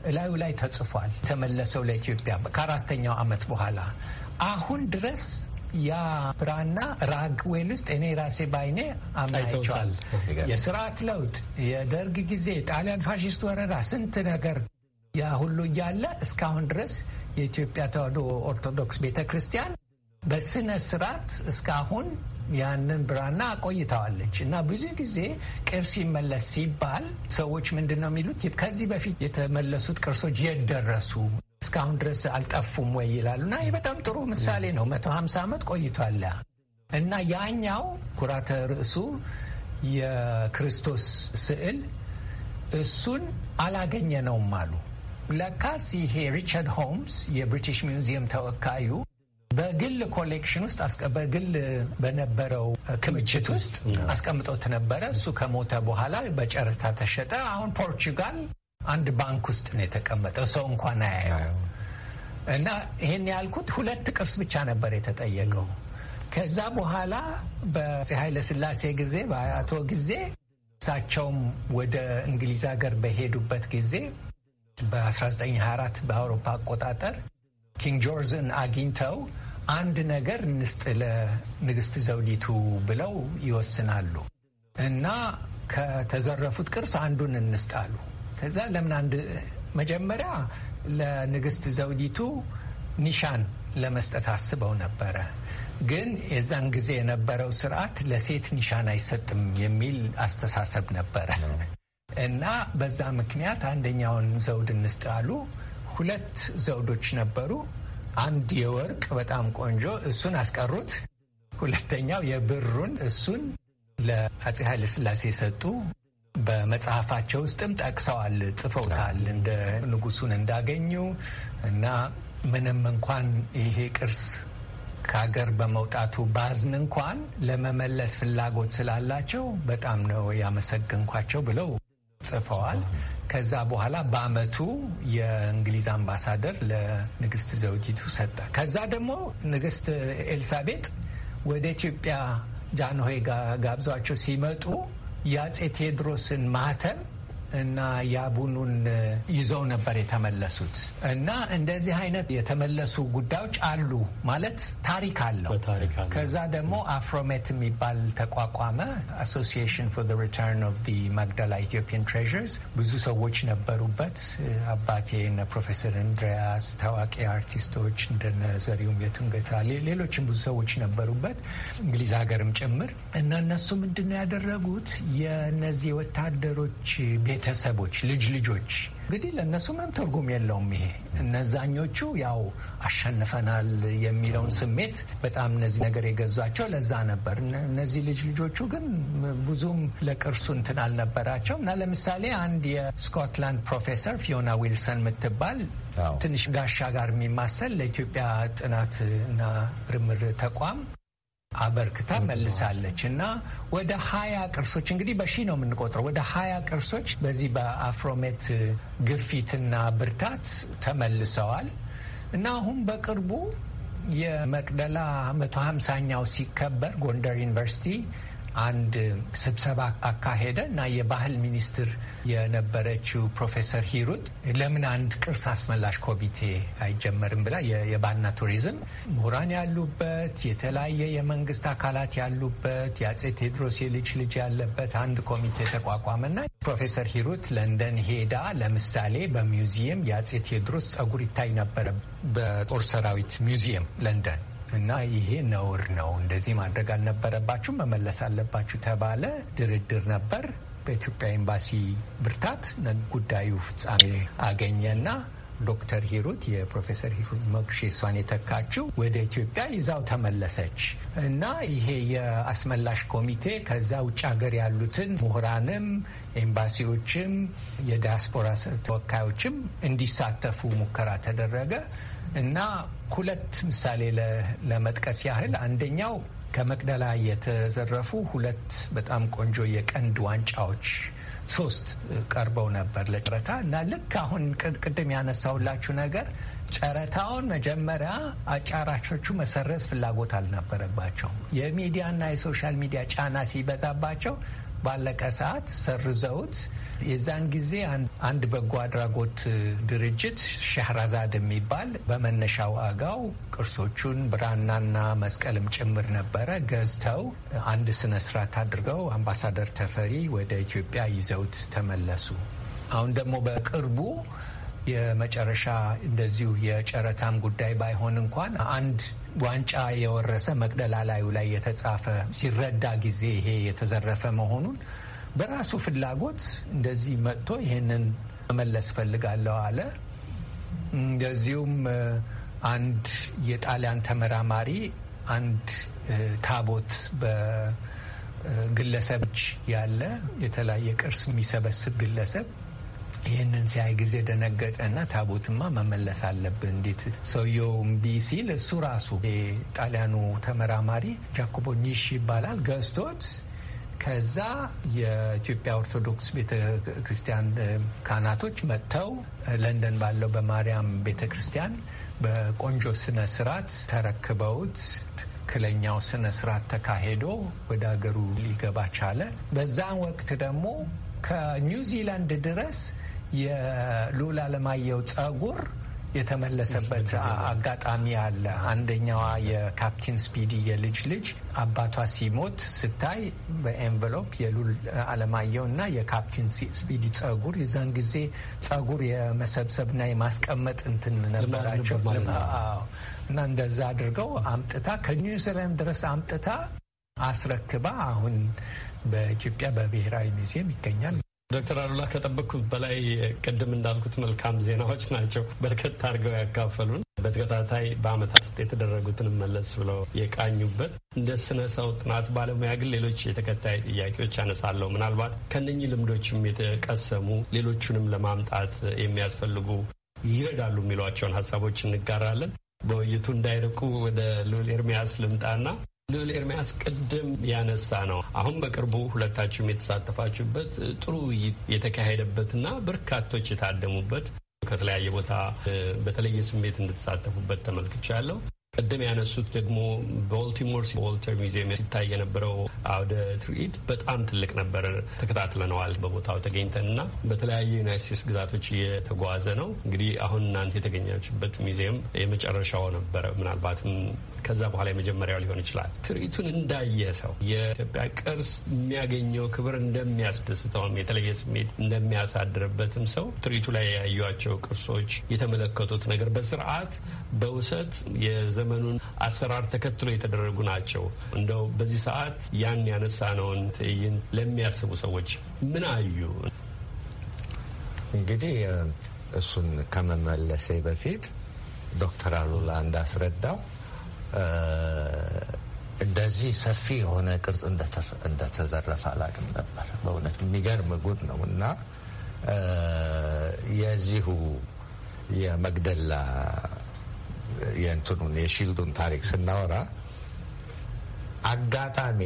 እላዩ ላይ ተጽፏል። የተመለሰው ለኢትዮጵያ ከአራተኛው ዓመት በኋላ አሁን ድረስ ያ ብራና ራግዌል ውስጥ እኔ ራሴ ባይኔ አምናይቸዋል። የስርዓት ለውጥ፣ የደርግ ጊዜ፣ ጣሊያን ፋሽስት ወረራ፣ ስንት ነገር ያ ሁሉ እያለ እስካሁን ድረስ የኢትዮጵያ ተዋዶ ኦርቶዶክስ ቤተ ክርስቲያን በስነ ስርዓት እስካሁን ያንን ብራና አቆይተዋለች እና ብዙ ጊዜ ቅርስ ይመለስ ሲባል ሰዎች ምንድን ነው የሚሉት? ከዚህ በፊት የተመለሱት ቅርሶች የደረሱ እስካሁን ድረስ አልጠፉም ወይ ይላሉ እና ይህ በጣም ጥሩ ምሳሌ ነው። መቶ ሀምሳ ዓመት ቆይቷል እና ያኛው ኩራተ ርዕሱ የክርስቶስ ስዕል እሱን አላገኘ ነውም አሉ። ለካስ ይሄ ሪቻርድ ሆምስ የብሪቲሽ ሚውዚየም ተወካዩ በግል ኮሌክሽን ውስጥ በግል በነበረው ክምችት ውስጥ አስቀምጦት ነበረ። እሱ ከሞተ በኋላ በጨረታ ተሸጠ። አሁን ፖርቹጋል አንድ ባንክ ውስጥ ነው የተቀመጠው። ሰው እንኳን አያየው እና ይህን ያልኩት ሁለት ቅርስ ብቻ ነበር የተጠየቀው። ከዛ በኋላ በአፄ ኃይለ ጊዜ በአቶ ጊዜ እሳቸውም ወደ እንግሊዝ ሀገር በሄዱበት ጊዜ በ1924 በአውሮፓ አቆጣጠር ኪንግ ጆርጅን አግኝተው አንድ ነገር እንስጥ ለንግስት ዘውዲቱ ብለው ይወስናሉ እና ከተዘረፉት ቅርስ አንዱን እንስጣሉ። ከዛ ለምን አንድ መጀመሪያ ለንግስት ዘውዲቱ ኒሻን ለመስጠት አስበው ነበረ። ግን የዛን ጊዜ የነበረው ስርዓት ለሴት ኒሻን አይሰጥም የሚል አስተሳሰብ ነበረ እና በዛ ምክንያት አንደኛውን ዘውድ እንስጥ አሉ። ሁለት ዘውዶች ነበሩ። አንድ የወርቅ በጣም ቆንጆ እሱን አስቀሩት። ሁለተኛው የብሩን እሱን ለአፄ ኃይለስላሴ ሰጡ። በመጽሐፋቸው ውስጥም ጠቅሰዋል፣ ጽፈውታል እንደ ንጉሱን እንዳገኙ እና ምንም እንኳን ይሄ ቅርስ ከሀገር በመውጣቱ ባዝን እንኳን ለመመለስ ፍላጎት ስላላቸው በጣም ነው ያመሰግንኳቸው ብለው ጽፈዋል። ከዛ በኋላ በአመቱ የእንግሊዝ አምባሳደር ለንግስት ዘውዲቱ ሰጠ። ከዛ ደግሞ ንግስት ኤልሳቤጥ ወደ ኢትዮጵያ ጃንሆይ ጋብዟቸው ሲመጡ የአጼ ቴዎድሮስን ማህተም እና የአቡኑን ይዘው ነበር የተመለሱት። እና እንደዚህ አይነት የተመለሱ ጉዳዮች አሉ ማለት ታሪክ አለው። ከዛ ደግሞ አፍሮሜት የሚባል ተቋቋመ፣ አሶሲሽን ፎር ሪተርን ኦፍ ዲ ማግዳላ ኢትዮጵያን ትሬዠርስ። ብዙ ሰዎች ነበሩበት። አባቴ እነ ፕሮፌሰር እንድሪያስ ታዋቂ አርቲስቶች እንደነ ዘሪሁም የቱንገታ፣ ሌሎችም ብዙ ሰዎች ነበሩበት እንግሊዝ ሀገርም ጭምር እና እነሱ ምንድነው ያደረጉት የነዚህ ወታደሮች ቤተሰቦች ልጅ ልጆች እንግዲህ ለእነሱ ምንም ትርጉም የለውም። ይሄ እነዛኞቹ ያው አሸንፈናል የሚለውን ስሜት በጣም እነዚህ ነገር የገዟቸው ለዛ ነበር። እነዚህ ልጅ ልጆቹ ግን ብዙም ለቅርሱ እንትን አልነበራቸው እና ለምሳሌ አንድ የስኮትላንድ ፕሮፌሰር ፊዮና ዊልሰን የምትባል ትንሽ ጋሻ ጋር የሚማሰል ለኢትዮጵያ እና ምርምር ተቋም አበርክታ መልሳለች እና ወደ ሀያ ቅርሶች እንግዲህ በሺ ነው የምንቆጥረው። ወደ ሀያ ቅርሶች በዚህ በአፍሮሜት ግፊትና ብርታት ተመልሰዋል እና አሁን በቅርቡ የመቅደላ መቶ ሀምሳኛው ሲከበር ጎንደር ዩኒቨርሲቲ አንድ ስብሰባ አካሄደ እና የባህል ሚኒስትር የነበረችው ፕሮፌሰር ሂሩት ለምን አንድ ቅርስ አስመላሽ ኮሚቴ አይጀመርም ብላ የባህልና ቱሪዝም ምሁራን ያሉበት የተለያየ የመንግስት አካላት ያሉበት የአጼ ቴዎድሮስ የልጅ ልጅ ያለበት አንድ ኮሚቴ ተቋቋመና ፕሮፌሰር ሂሩት ለንደን ሄዳ ለምሳሌ በሚውዚየም የአጼ ቴዎድሮስ ጸጉር ይታይ ነበረ በጦር ሰራዊት ሚውዚየም ለንደን እና ይሄ ነውር ነው፣ እንደዚህ ማድረግ አልነበረባችሁ፣ መመለስ አለባችሁ ተባለ። ድርድር ነበር። በኢትዮጵያ ኤምባሲ ብርታት ጉዳዩ ፍጻሜ አገኘና ዶክተር ሂሩት የፕሮፌሰር ሂሩት መጉሼ የተካችው ወደ ኢትዮጵያ ይዛው ተመለሰች እና ይሄ የአስመላሽ ኮሚቴ ከዛ ውጭ ሀገር ያሉትን ምሁራንም ኤምባሲዎችም የዲያስፖራ ተወካዮችም እንዲሳተፉ ሙከራ ተደረገ እና ሁለት ምሳሌ ለመጥቀስ ያህል አንደኛው ከመቅደላ የተዘረፉ ሁለት በጣም ቆንጆ የቀንድ ዋንጫዎች ሶስት ቀርበው ነበር ለጨረታ እና ልክ አሁን ቅድም ያነሳውላችሁ ነገር ጨረታውን መጀመሪያ አጫራቾቹ መሰረዝ ፍላጎት አልነበረባቸውም። የሚዲያና የሶሻል ሚዲያ ጫና ሲበዛባቸው ባለቀ ሰዓት ሰርዘውት የዛን ጊዜ አንድ በጎ አድራጎት ድርጅት ሻህራዛድ የሚባል በመነሻው አጋው ቅርሶቹን ብራናና መስቀልም ጭምር ነበረ ገዝተው አንድ ስነ ስርዓት አድርገው አምባሳደር ተፈሪ ወደ ኢትዮጵያ ይዘውት ተመለሱ። አሁን ደግሞ በቅርቡ የመጨረሻ እንደዚሁ የጨረታም ጉዳይ ባይሆን እንኳን አንድ ዋንጫ የወረሰ መቅደላ ላዩ ላይ የተጻፈ ሲረዳ ጊዜ ይሄ የተዘረፈ መሆኑን በራሱ ፍላጎት እንደዚህ መጥቶ ይህንን መመለስ ፈልጋለሁ አለ። እንደዚሁም አንድ የጣሊያን ተመራማሪ አንድ ታቦት በግለሰብ እጅ ያለ የተለያየ ቅርስ የሚሰበስብ ግለሰብ ይህንን ሲያይ ጊዜ ደነገጠ እና ታቦትማ መመለስ አለብን። እንዴት ሰውየው እምቢ ሲል እሱ ራሱ የጣሊያኑ ተመራማሪ ጃኮቦ ኒሽ ይባላል ገዝቶት ከዛ የኢትዮጵያ ኦርቶዶክስ ቤተ ክርስቲያን ካህናቶች መጥተው ለንደን ባለው በማርያም ቤተ ክርስቲያን በቆንጆ ስነ ስርዓት ተረክበውት ትክክለኛው ስነ ስርዓት ተካሄዶ ወደ ሀገሩ ሊገባ ቻለ። በዛን ወቅት ደግሞ ከኒውዚላንድ ድረስ የሉላ አለማየሁ ጸጉር የተመለሰበት አጋጣሚ አለ። አንደኛዋ የካፕቲን ስፒዲ የልጅ ልጅ አባቷ ሲሞት ስታይ በኤንቨሎፕ የሉል አለማየሁ እና የካፕቲን ስፒዲ ጸጉር የዛን ጊዜ ጸጉር የመሰብሰብና የማስቀመጥ እንትን ነበራቸው እና እንደዛ አድርገው አምጥታ ከኒውዚላንድ ድረስ አምጥታ አስረክባ አሁን በኢትዮጵያ በብሔራዊ ሙዚየም ይገኛል። ዶክተር አሉላ ከጠበቅኩት በላይ ቅድም እንዳልኩት መልካም ዜናዎች ናቸው በርከት አድርገው ያካፈሉን። በተከታታይ በአመታት ውስጥ የተደረጉትን መለስ ብለው የቃኙበት እንደ ስነ ሰው ጥናት ባለሙያ ግን ሌሎች የተከታይ ጥያቄዎች አነሳለሁ። ምናልባት ከነኚህ ልምዶችም የተቀሰሙ ሌሎቹንም ለማምጣት የሚያስፈልጉ ይረዳሉ የሚሏቸውን ሀሳቦች እንጋራለን። በውይይቱ እንዳይርቁ ወደ ልዑል ኤርሚያስ ልምጣና ልዑል ኤርሚያስ ቅድም ያነሳ ነው አሁን በቅርቡ ሁለታችሁም የተሳተፋችሁበት ጥሩ ውይይት የተካሄደበትና በርካቶች የታደሙበት ከተለያየ ቦታ በተለየ ስሜት እንደተሳተፉበት ተመልክቻለሁ። ቅድም ያነሱት ደግሞ በቦልቲሞር ዋልተር ሚዚየም ሲታይ የነበረው አውደ ትርኢት በጣም ትልቅ ነበር። ተከታትለነዋል በቦታው ተገኝተን እና በተለያዩ ዩናይት ስቴትስ ግዛቶች እየተጓዘ ነው። እንግዲህ አሁን እናንተ የተገኛችበት ሚዚየም የመጨረሻው ነበረ። ምናልባትም ከዛ በኋላ የመጀመሪያው ሊሆን ይችላል። ትርኢቱን እንዳየ ሰው የኢትዮጵያ ቅርስ የሚያገኘው ክብር እንደሚያስደስተውም የተለየ ስሜት እንደሚያሳድርበትም ሰው ትርኢቱ ላይ ያዩቸው ቅርሶች የተመለከቱት ነገር በስርዓት በውሰት የዘ ዘመኑን አሰራር ተከትሎ የተደረጉ ናቸው። እንደው በዚህ ሰዓት ያን ያነሳነውን ትዕይንት ለሚያስቡ ሰዎች ምን አዩ? እንግዲህ እሱን ከመመለሴ በፊት ዶክተር አሉላ እንዳስረዳው እንደዚህ ሰፊ የሆነ ቅርጽ እንደተዘረፈ አላቅም ነበር። በእውነት የሚገርም ጉድ ነው እና የዚሁ የመግደላ የእንትኑን የሺልዱን ታሪክ ስናወራ አጋጣሚ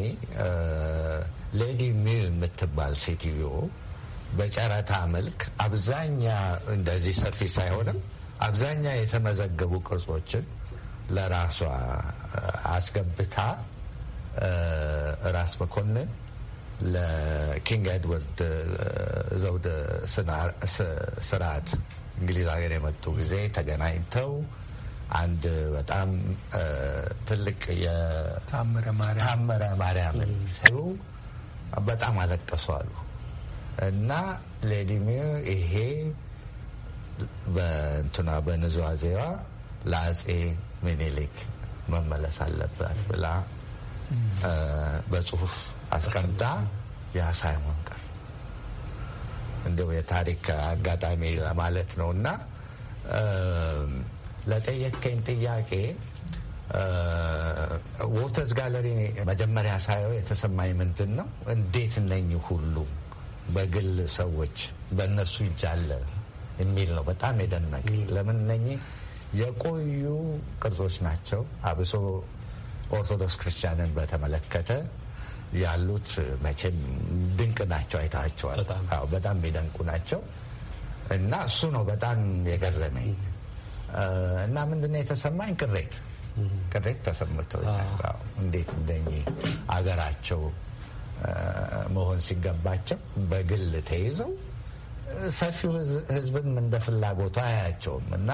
ሌዲ ሚ የምትባል ሴትዮ በጨረታ መልክ አብዛኛ እንደዚህ ሰርፊስ አይሆንም አብዛኛ የተመዘገቡ ቅርጾችን ለራሷ አስገብታ ራስ መኮንን ለኪንግ ኤድወርድ ዘውድ ስርዓት እንግሊዝ ሀገር የመጡ ጊዜ ተገናኝተው አንድ በጣም ትልቅ የታምረ ማርያምን ሲሉ በጣም አለቀሱ አሉ እና ሌዲሚር ይሄ በእንትና ዜዋ ለአጼ ሚኒሊክ መመለስ አለበት ብላ በጽሁፍ አስቀምጣ ያ ሳይሆን ቀር እንዲሁም የታሪክ አጋጣሚ ለማለት ነው እና ለጠየከኝ ጥያቄ ዎተርስ ጋለሪ መጀመሪያ ሳየው የተሰማኝ ምንድን ነው፣ እንዴት ነኝ ሁሉ በግል ሰዎች በእነሱ ይጃለ የሚል ነው። በጣም የደነቀ ለምን እነኚህ የቆዩ ቅርጾች ናቸው። አብሶ ኦርቶዶክስ ክርስቲያንን በተመለከተ ያሉት መቼም ድንቅ ናቸው። አይታቸዋል። በጣም የሚደንቁ ናቸው እና እሱ ነው በጣም የገረመኝ። እና ምንድነው የተሰማኝ ቅሬት ቅሬት ተሰምቶ እንዴት እንደኚህ አገራቸው መሆን ሲገባቸው በግል ተይዘው ሰፊው ህዝብም እንደ ፍላጎቱ አያቸውም እና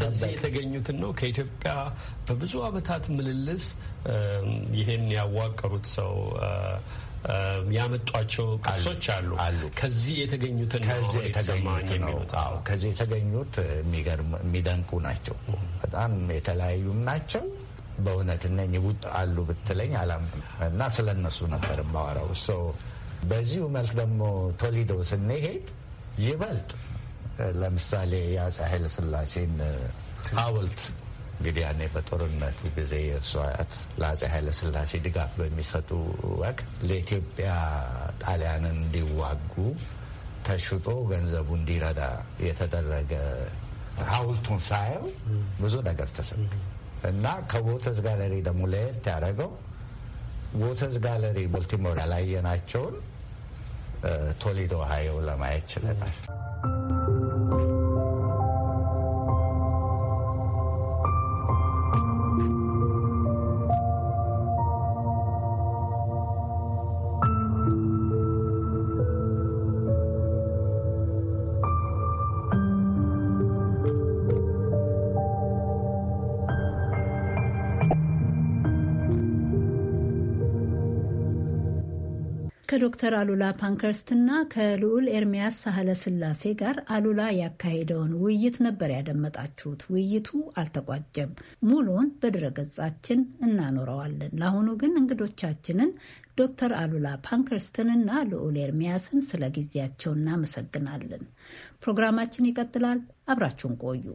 ከዚህ የተገኙትን ነው ከኢትዮጵያ በብዙ አመታት ምልልስ ይህን ያዋቀሩት ሰው ያመጧቸው ቅርሶች አሉ። ከዚህ የተገኙትን ከዚህ የተገኙት የሚደንቁ ናቸው። በጣም የተለያዩም ናቸው። በእውነት እነኝህ ውጥ አሉ ብትለኝ አላም እና ስለ እነሱ ነበር የማወራው። በዚሁ መልክ ደግሞ ቶሊዶ ስንሄድ ይበልጥ ለምሳሌ የአፄ ስላሴን ሐውልት እንግዲህ ያኔ በጦርነቱ ጊዜ የእሷት ለአጼ ኃይለስላሴ ድጋፍ በሚሰጡ ወቅት ለኢትዮጵያ ጣሊያንን እንዲዋጉ ተሽጦ ገንዘቡ እንዲረዳ የተደረገ ሐውልቱን ሳየው ብዙ ነገር ተሰማ እና ከቦተዝ ጋለሪ ደግሞ ለየት ያደረገው ቦተዝ ጋለሪ ቦልቲሞር ያላየናቸውን ቶሊዶ ሀየው ለማየት ችለናል። ከዶክተር አሉላ ፓንከርስትና ከልዑል ኤርሚያስ ሳህለ ስላሴ ጋር አሉላ ያካሄደውን ውይይት ነበር ያደመጣችሁት። ውይይቱ አልተቋጀም ሙሉውን በድረገጻችን እናኖረዋለን። ለአሁኑ ግን እንግዶቻችንን ዶክተር አሉላ ፓንከርስትንና ልዑል ኤርሚያስን ስለ ጊዜያቸው እናመሰግናለን። ፕሮግራማችን ይቀጥላል። አብራችሁን ቆዩ።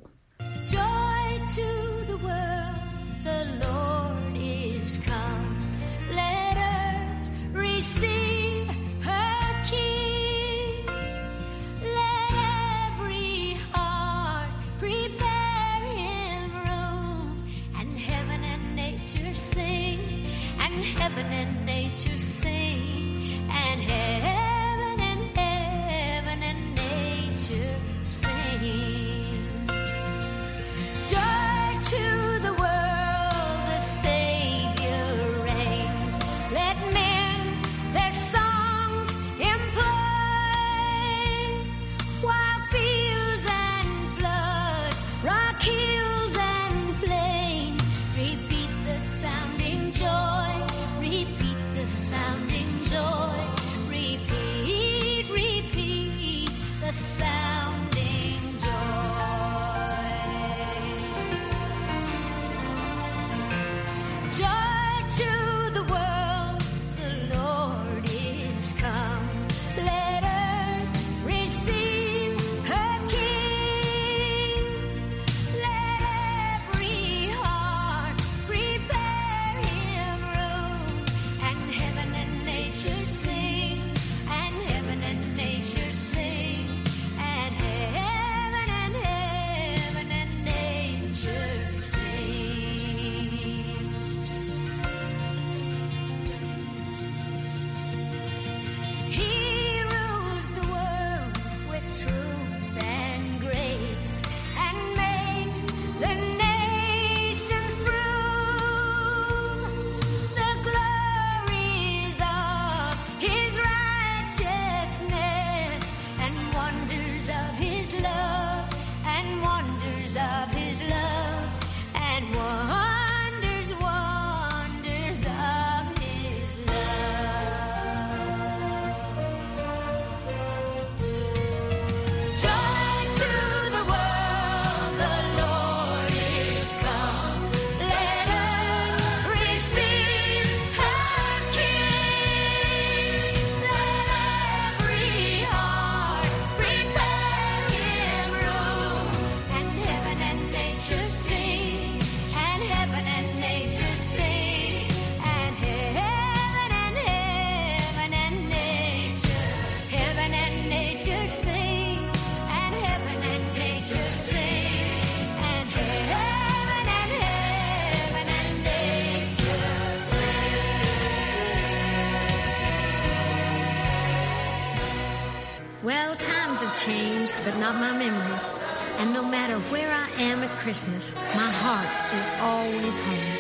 Christmas. My heart is always home.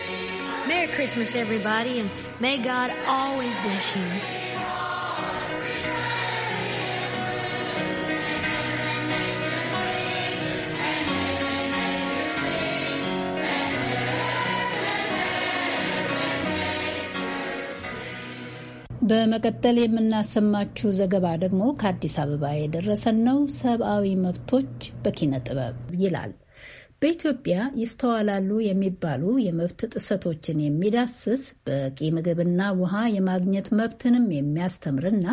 Merry Christmas, everybody, and may God always bless you. በመቀጠል የምናሰማችሁ ዘገባ ደግሞ ከአዲስ አበባ የደረሰን ነው። ሰብአዊ መብቶች በኪነ ጥበብ ይላል። በኢትዮጵያ ይስተዋላሉ የሚባሉ የመብት ጥሰቶችን የሚዳስስ በቂ ምግብና ውሃ የማግኘት መብትንም የሚያስተምርና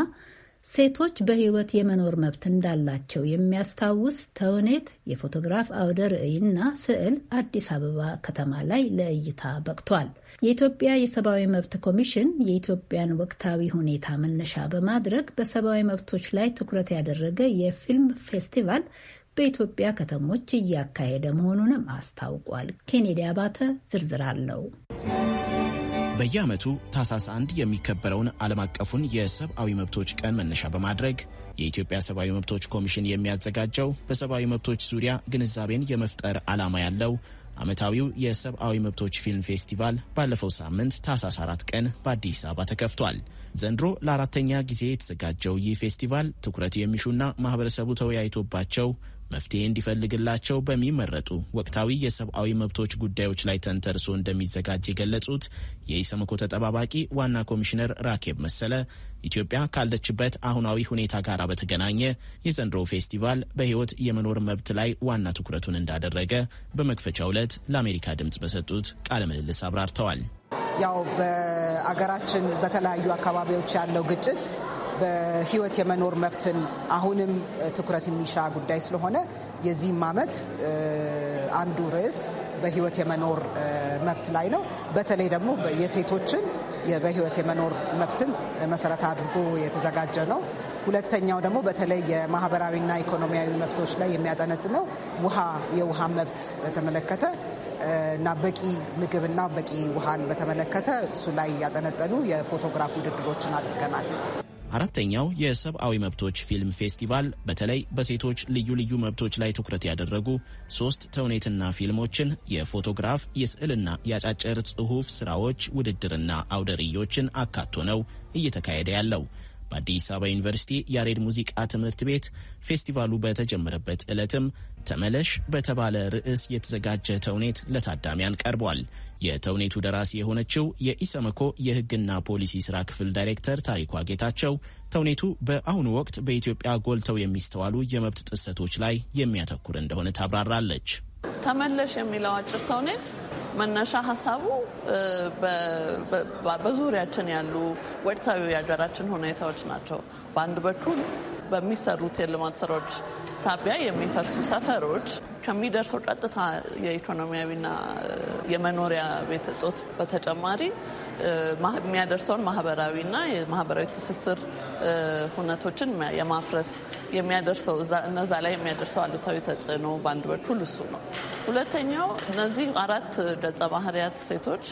ሴቶች በሕይወት የመኖር መብት እንዳላቸው የሚያስታውስ ተውኔት የፎቶግራፍ አውደ ርዕይና ስዕል አዲስ አበባ ከተማ ላይ ለእይታ በቅቷል። የኢትዮጵያ የሰብአዊ መብት ኮሚሽን የኢትዮጵያን ወቅታዊ ሁኔታ መነሻ በማድረግ በሰብአዊ መብቶች ላይ ትኩረት ያደረገ የፊልም ፌስቲቫል በኢትዮጵያ ከተሞች እያካሄደ መሆኑንም አስታውቋል። ኬኔዲ አባተ ዝርዝር አለው። በየዓመቱ ታህሳስ አንድ የሚከበረውን ዓለም አቀፉን የሰብአዊ መብቶች ቀን መነሻ በማድረግ የኢትዮጵያ ሰብአዊ መብቶች ኮሚሽን የሚያዘጋጀው በሰብአዊ መብቶች ዙሪያ ግንዛቤን የመፍጠር ዓላማ ያለው ዓመታዊው የሰብአዊ መብቶች ፊልም ፌስቲቫል ባለፈው ሳምንት ታህሳስ አራት ቀን በአዲስ አበባ ተከፍቷል። ዘንድሮ ለአራተኛ ጊዜ የተዘጋጀው ይህ ፌስቲቫል ትኩረት የሚሹና ማህበረሰቡ ተወያይቶባቸው መፍትሄ እንዲፈልግላቸው በሚመረጡ ወቅታዊ የሰብአዊ መብቶች ጉዳዮች ላይ ተንተርሶ እንደሚዘጋጅ የገለጹት የኢሰመኮ ተጠባባቂ ዋና ኮሚሽነር ራኬብ መሰለ ኢትዮጵያ ካለችበት አሁናዊ ሁኔታ ጋር በተገናኘ የዘንድሮ ፌስቲቫል በሕይወት የመኖር መብት ላይ ዋና ትኩረቱን እንዳደረገ በመክፈቻው ዕለት ለአሜሪካ ድምፅ በሰጡት ቃለ ምልልስ አብራርተዋል። ያው በአገራችን በተለያዩ አካባቢዎች ያለው ግጭት በህይወት የመኖር መብትን አሁንም ትኩረት የሚሻ ጉዳይ ስለሆነ የዚህም ዓመት አንዱ ርዕስ በህይወት የመኖር መብት ላይ ነው። በተለይ ደግሞ የሴቶችን በህይወት የመኖር መብትን መሰረት አድርጎ የተዘጋጀ ነው። ሁለተኛው ደግሞ በተለይ የማህበራዊና ኢኮኖሚያዊ መብቶች ላይ የሚያጠነጥነው ውሃ የውሃ መብት በተመለከተ እና በቂ ምግብና በቂ ውሃን በተመለከተ እሱ ላይ ያጠነጠኑ የፎቶግራፍ ውድድሮችን አድርገናል። አራተኛው የሰብአዊ መብቶች ፊልም ፌስቲቫል በተለይ በሴቶች ልዩ ልዩ መብቶች ላይ ትኩረት ያደረጉ ሶስት ተውኔትና ፊልሞችን፣ የፎቶግራፍ የስዕልና የአጫጭር ጽሑፍ ስራዎች ውድድርና አውደርዮችን አካቶ ነው እየተካሄደ ያለው። በአዲስ አበባ ዩኒቨርሲቲ ያሬድ ሙዚቃ ትምህርት ቤት ፌስቲቫሉ በተጀመረበት ዕለትም ተመለሽ በተባለ ርዕስ የተዘጋጀ ተውኔት ለታዳሚያን ቀርቧል። የተውኔቱ ደራሲ የሆነችው የኢሰመኮ የሕግና ፖሊሲ ስራ ክፍል ዳይሬክተር ታሪኳ ጌታቸው ተውኔቱ በአሁኑ ወቅት በኢትዮጵያ ጎልተው የሚስተዋሉ የመብት ጥሰቶች ላይ የሚያተኩር እንደሆነ ታብራራለች። ተመለሽ የሚለው አጭር ተውኔት መነሻ ሀሳቡ በዙሪያችን ያሉ ወቅታዊ የሀገራችን ሁኔታዎች ናቸው። በአንድ በኩል በሚሰሩት የልማት ስራዎች ሳቢያ የሚፈርሱ ሰፈሮች ከሚደርሰው ቀጥታ የኢኮኖሚያዊና የመኖሪያ ቤት እጦት በተጨማሪ የሚያደርሰውን ማህበራዊና የማህበራዊ ትስስር ሁነቶችን የማፍረስ የሚያደርሰው እነዛ ላይ የሚያደርሰው አሉታዊ ተጽዕኖ በአንድ በኩል እሱ ነው። ሁለተኛው እነዚህ አራት ገጸ ባህርያት ሴቶች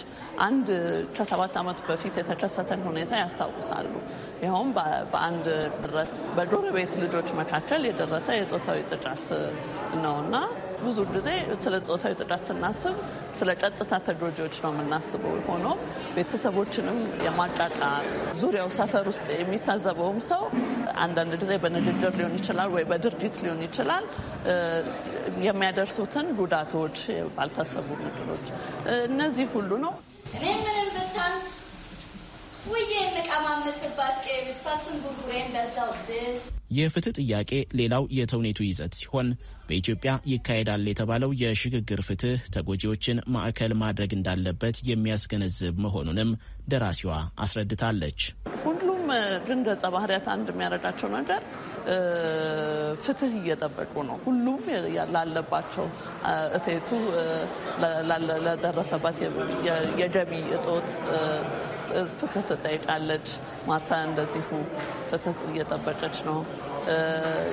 አንድ ከሰባት ዓመት በፊት የተከሰተን ሁኔታ ያስታውሳሉ። ይኸውም በአንድ በጎረቤት ልጆች መካከል የደረሰ የጾታዊ ጥቃት ነውና ብዙ ጊዜ ስለ ጾታዊ ጥቃት ስናስብ ስለ ቀጥታ ተጎጂዎች ነው የምናስበው። ሆኖ ቤተሰቦችንም የማቃቃ ዙሪያው ሰፈር ውስጥ የሚታዘበውም ሰው አንዳንድ ጊዜ በንግግር ሊሆን ይችላል ወይ በድርጊት ሊሆን ይችላል የሚያደርሱትን ጉዳቶች፣ ባልታሰቡ ነገሮች እነዚህ ሁሉ ነው። እኔ ምንም ብታንስ ውዬ የምቀማመስባት ብትፈስም ብጉሬን በዛው ብስ የፍትህ ጥያቄ ሌላው የተውኔቱ ይዘት ሲሆን በኢትዮጵያ ይካሄዳል የተባለው የሽግግር ፍትህ ተጎጂዎችን ማዕከል ማድረግ እንዳለበት የሚያስገነዝብ መሆኑንም ደራሲዋ አስረድታለች። ሁሉም ድንገጸ ባህርያት አንድ የሚያረዳቸው ነገር ፍትህ እየጠበቁ ነው። ሁሉም ላለባቸው እቴቱ ለደረሰባት የገቢ እጦት ፍትህ ትጠይቃለች። ማርታ እንደዚሁ ፍትህ እየጠበቀች ነው።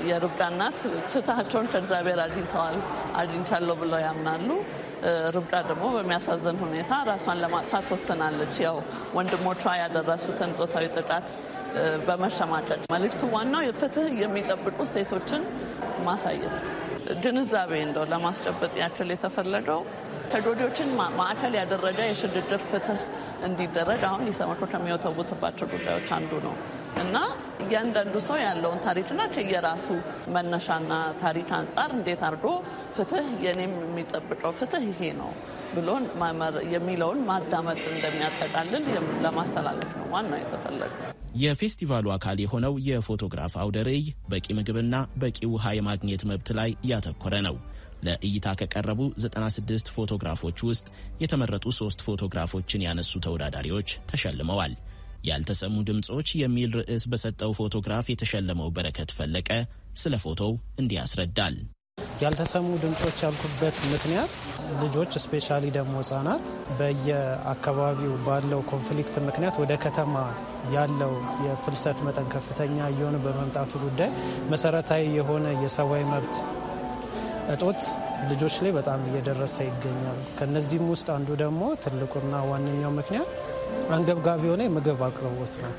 የርብቃ እናት ፍትሃቸውን ከእግዚአብሔር አግኝተዋል አግኝቻለሁ ብለው ያምናሉ። ርብቃ ደግሞ በሚያሳዝን ሁኔታ ራሷን ለማጥፋት ወስናለች። ያው ወንድሞቿ ያደረሱትን ጾታዊ ጥቃት በመሸማቀቅ መልእክቱ ዋናው ፍትህ የሚጠብቁ ሴቶችን ማሳየት ነው። ግንዛቤ እንደው ለማስጨበጥ ያክል የተፈለገው ተጎጂዎችን ማዕከል ያደረገ የሽግግር ፍትህ እንዲደረግ አሁን ኢሰመኮ ከሚወተቡትባቸው ጉዳዮች አንዱ ነው እና እያንዳንዱ ሰው ያለውን ታሪክና ከየራሱ መነሻና ታሪክ አንጻር እንዴት አድርጎ ፍትህ የኔም የሚጠብቀው ፍትህ ይሄ ነው ብሎን የሚለውን ማዳመጥ እንደሚያጠቃልል ለማስተላለፍ ነው ዋናው የተፈለገ። የፌስቲቫሉ አካል የሆነው የፎቶግራፍ አውደ ርዕይ በቂ ምግብና በቂ ውሃ የማግኘት መብት ላይ ያተኮረ ነው። ለእይታ ከቀረቡ 96 ፎቶግራፎች ውስጥ የተመረጡ ሶስት ፎቶግራፎችን ያነሱ ተወዳዳሪዎች ተሸልመዋል። ያልተሰሙ ድምፆች የሚል ርዕስ በሰጠው ፎቶግራፍ የተሸለመው በረከት ፈለቀ ስለ ፎቶው እንዲህ ያስረዳል። ያልተሰሙ ድምፆች ያልኩበት ምክንያት ልጆች ስፔሻሊ ደግሞ ህጻናት በየአካባቢው ባለው ኮንፍሊክት ምክንያት ወደ ከተማ ያለው የፍልሰት መጠን ከፍተኛ እየሆነ በመምጣቱ ጉዳይ መሰረታዊ የሆነ የሰብአዊ መብት እጦት ልጆች ላይ በጣም እየደረሰ ይገኛል። ከነዚህም ውስጥ አንዱ ደግሞ ትልቁና ዋነኛው ምክንያት አንገብጋቢ የሆነ የምግብ አቅርቦት ነው።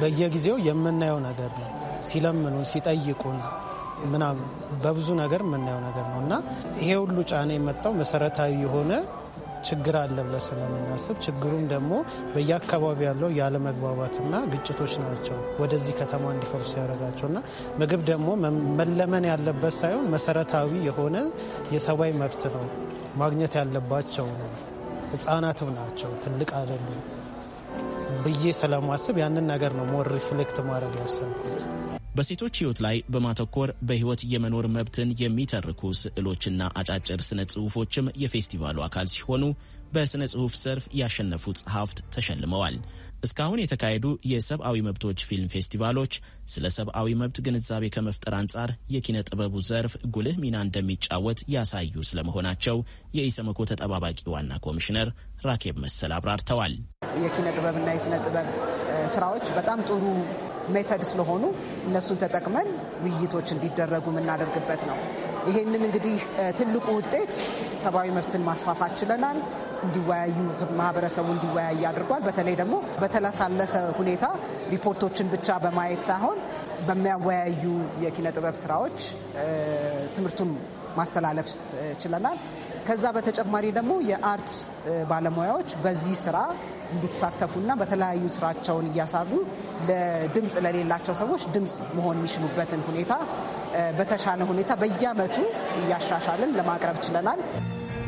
በየጊዜው የምናየው ነገር ነው። ሲለምኑን፣ ሲጠይቁን ምናምን በብዙ ነገር የምናየው ነገር ነው እና ይሄ ሁሉ ጫና የመጣው መሰረታዊ የሆነ ችግር አለ ብለን ስለምናስብ ችግሩም ደግሞ በየአካባቢ ያለው ያለመግባባትና ግጭቶች ናቸው ወደዚህ ከተማ እንዲፈርሱ እና ምግብ ደግሞ መለመን ያለበት ሳይሆን መሰረታዊ የሆነ የሰብአዊ መብት ነው ማግኘት ያለባቸው ነው። ህጻናትም ናቸው፣ ትልቅ አይደሉም። ብዬ ስለማስብ ያንን ነገር ነው ሞር ሪፍሌክት ማድረግ ያሰብኩት። በሴቶች ሕይወት ላይ በማተኮር በሕይወት የመኖር መብትን የሚተርኩ ስዕሎችና አጫጭር ስነ ጽሁፎችም የፌስቲቫሉ አካል ሲሆኑ በሥነ ጽሑፍ ዘርፍ ያሸነፉ ጸሐፍት ተሸልመዋል። እስካሁን የተካሄዱ የሰብአዊ መብቶች ፊልም ፌስቲቫሎች ስለ ሰብአዊ መብት ግንዛቤ ከመፍጠር አንጻር የኪነ ጥበቡ ዘርፍ ጉልህ ሚና እንደሚጫወት ያሳዩ ስለመሆናቸው የኢሰመኮ ተጠባባቂ ዋና ኮሚሽነር ራኬብ መሰል አብራርተዋል። የኪነ ጥበብና የስነ ጥበብ ስራዎች በጣም ጥሩ ሜተድ ስለሆኑ እነሱን ተጠቅመን ውይይቶች እንዲደረጉ የምናደርግበት ነው። ይሄንን እንግዲህ ትልቁ ውጤት ሰብአዊ መብትን ማስፋፋት ችለናል። እንዲወያዩ ማህበረሰቡ እንዲወያይ አድርጓል። በተለይ ደግሞ በተለሳለሰ ሁኔታ ሪፖርቶችን ብቻ በማየት ሳይሆን በሚያወያዩ የኪነ ጥበብ ስራዎች ትምህርቱን ማስተላለፍ ችለናል። ከዛ በተጨማሪ ደግሞ የአርት ባለሙያዎች በዚህ ስራ እንዲሳተፉና በተለያዩ ስራቸውን እያሳዩ ለድምፅ ለሌላቸው ሰዎች ድምፅ መሆን የሚችሉበትን ሁኔታ በተሻለ ሁኔታ በየዓመቱ እያሻሻልን ለማቅረብ ችለናል።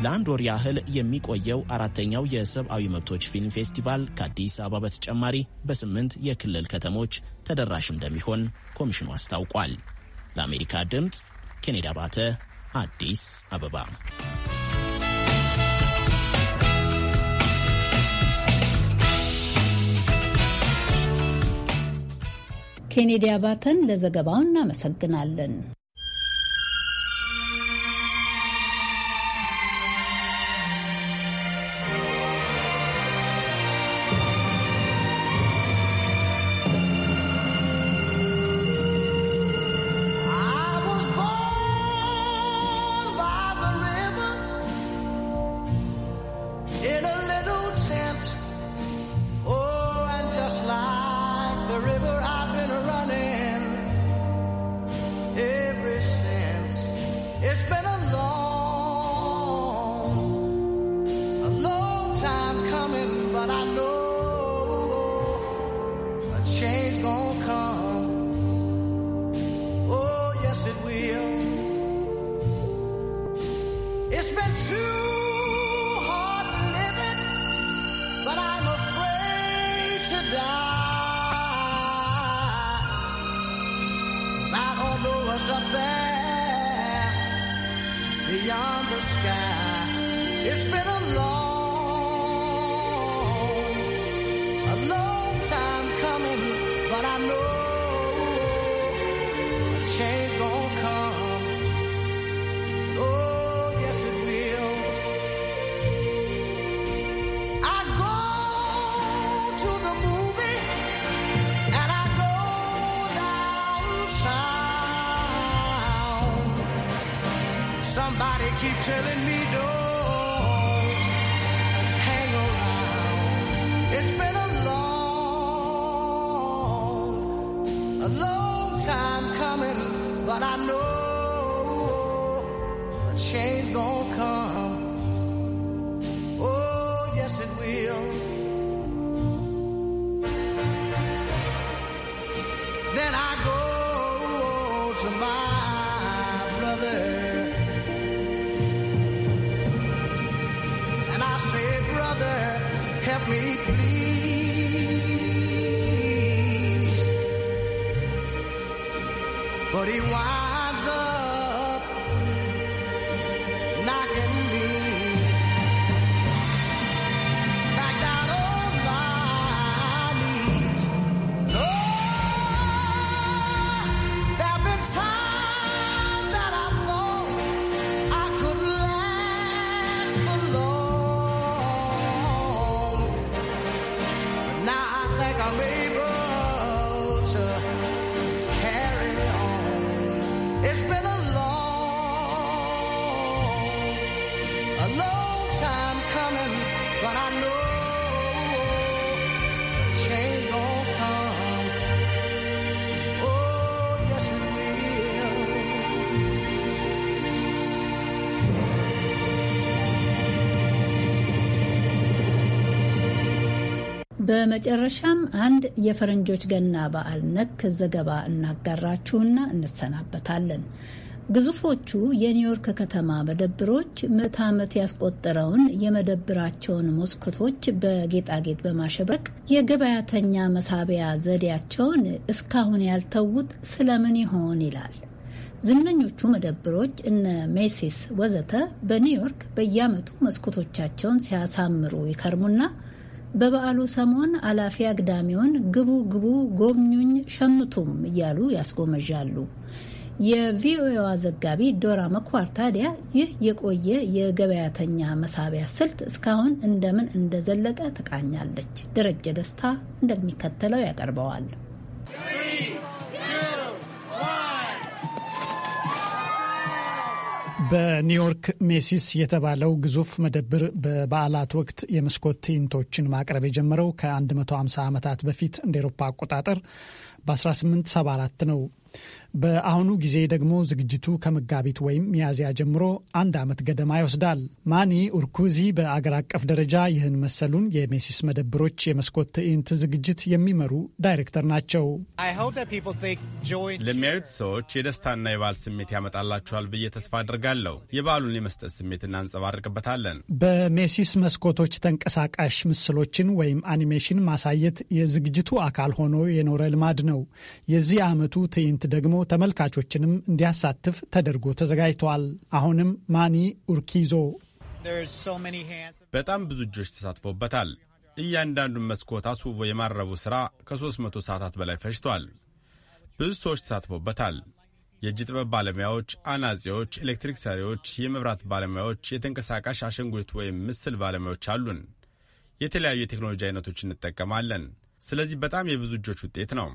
ለአንድ ወር ያህል የሚቆየው አራተኛው የሰብአዊ መብቶች ፊልም ፌስቲቫል ከአዲስ አበባ በተጨማሪ በስምንት የክልል ከተሞች ተደራሽ እንደሚሆን ኮሚሽኑ አስታውቋል። ለአሜሪካ ድምፅ ኬኔዲ አባተ አዲስ አበባ ኬኔዲ አባተን ለዘገባው እናመሰግናለን። wheel. Then I go to my brother and I say, Brother, help me please. But he whined. በመጨረሻም አንድ የፈረንጆች ገና በዓል ነክ ዘገባ እናጋራችሁና እንሰናበታለን። ግዙፎቹ የኒውዮርክ ከተማ መደብሮች ምዕት ዓመት ያስቆጠረውን የመደብራቸውን መስኮቶች በጌጣጌጥ በማሸበረቅ የገበያተኛ መሳቢያ ዘዴያቸውን እስካሁን ያልተዉት ስለምን ይሆን ይላል። ዝነኞቹ መደብሮች እነ ሜሲስ ወዘተ በኒውዮርክ በየዓመቱ መስኮቶቻቸውን ሲያሳምሩ ይከርሙና በበዓሉ ሰሞን አላፊ አግዳሚውን ግቡ ግቡ፣ ጎብኙኝ፣ ሸምቱም እያሉ ያስጎመዣሉ። የቪኦኤዋ ዘጋቢ ዶራ መኳር ታዲያ ይህ የቆየ የገበያተኛ መሳቢያ ስልት እስካሁን እንደምን እንደዘለቀ ትቃኛለች። ደረጀ ደስታ እንደሚከተለው ያቀርበዋል። በኒውዮርክ ሜሲስ የተባለው ግዙፍ መደብር በበዓላት ወቅት የመስኮት ትዕይንቶችን ማቅረብ የጀመረው ከ150 ዓመታት በፊት እንደ ኤሮፓ አቆጣጠር በ1874 ነው። በአሁኑ ጊዜ ደግሞ ዝግጅቱ ከመጋቢት ወይም ሚያዝያ ጀምሮ አንድ ዓመት ገደማ ይወስዳል። ማኒ ኡርኩዚ በአገር አቀፍ ደረጃ ይህን መሰሉን የሜሲስ መደብሮች የመስኮት ትዕይንት ዝግጅት የሚመሩ ዳይሬክተር ናቸው። ለሚያዩት ሰዎች የደስታና የበዓል ስሜት ያመጣላቸዋል ብዬ ተስፋ አድርጋለሁ። የበዓሉን የመስጠት ስሜት እናንጸባርቅበታለን። በሜሲስ መስኮቶች ተንቀሳቃሽ ምስሎችን ወይም አኒሜሽን ማሳየት የዝግጅቱ አካል ሆኖ የኖረ ልማድ ነው። የዚህ ዓመቱ ትዕይንት ደግሞ ተመልካቾችንም እንዲያሳትፍ ተደርጎ ተዘጋጅተዋል። አሁንም ማኒ ኡርኪዞ በጣም ብዙ እጆች ተሳትፎበታል። እያንዳንዱን መስኮት አስውቦ የማረቡ ሥራ ከ300 ሰዓታት በላይ ፈጅቷል። ብዙ ሰዎች ተሳትፎበታል። የእጅ ጥበብ ባለሙያዎች፣ አናጺዎች፣ ኤሌክትሪክ ሰሪዎች፣ የመብራት ባለሙያዎች፣ የተንቀሳቃሽ አሸንጉሊት ወይም ምስል ባለሙያዎች አሉን። የተለያዩ የቴክኖሎጂ አይነቶች እንጠቀማለን። ስለዚህ በጣም የብዙ እጆች ውጤት ነው።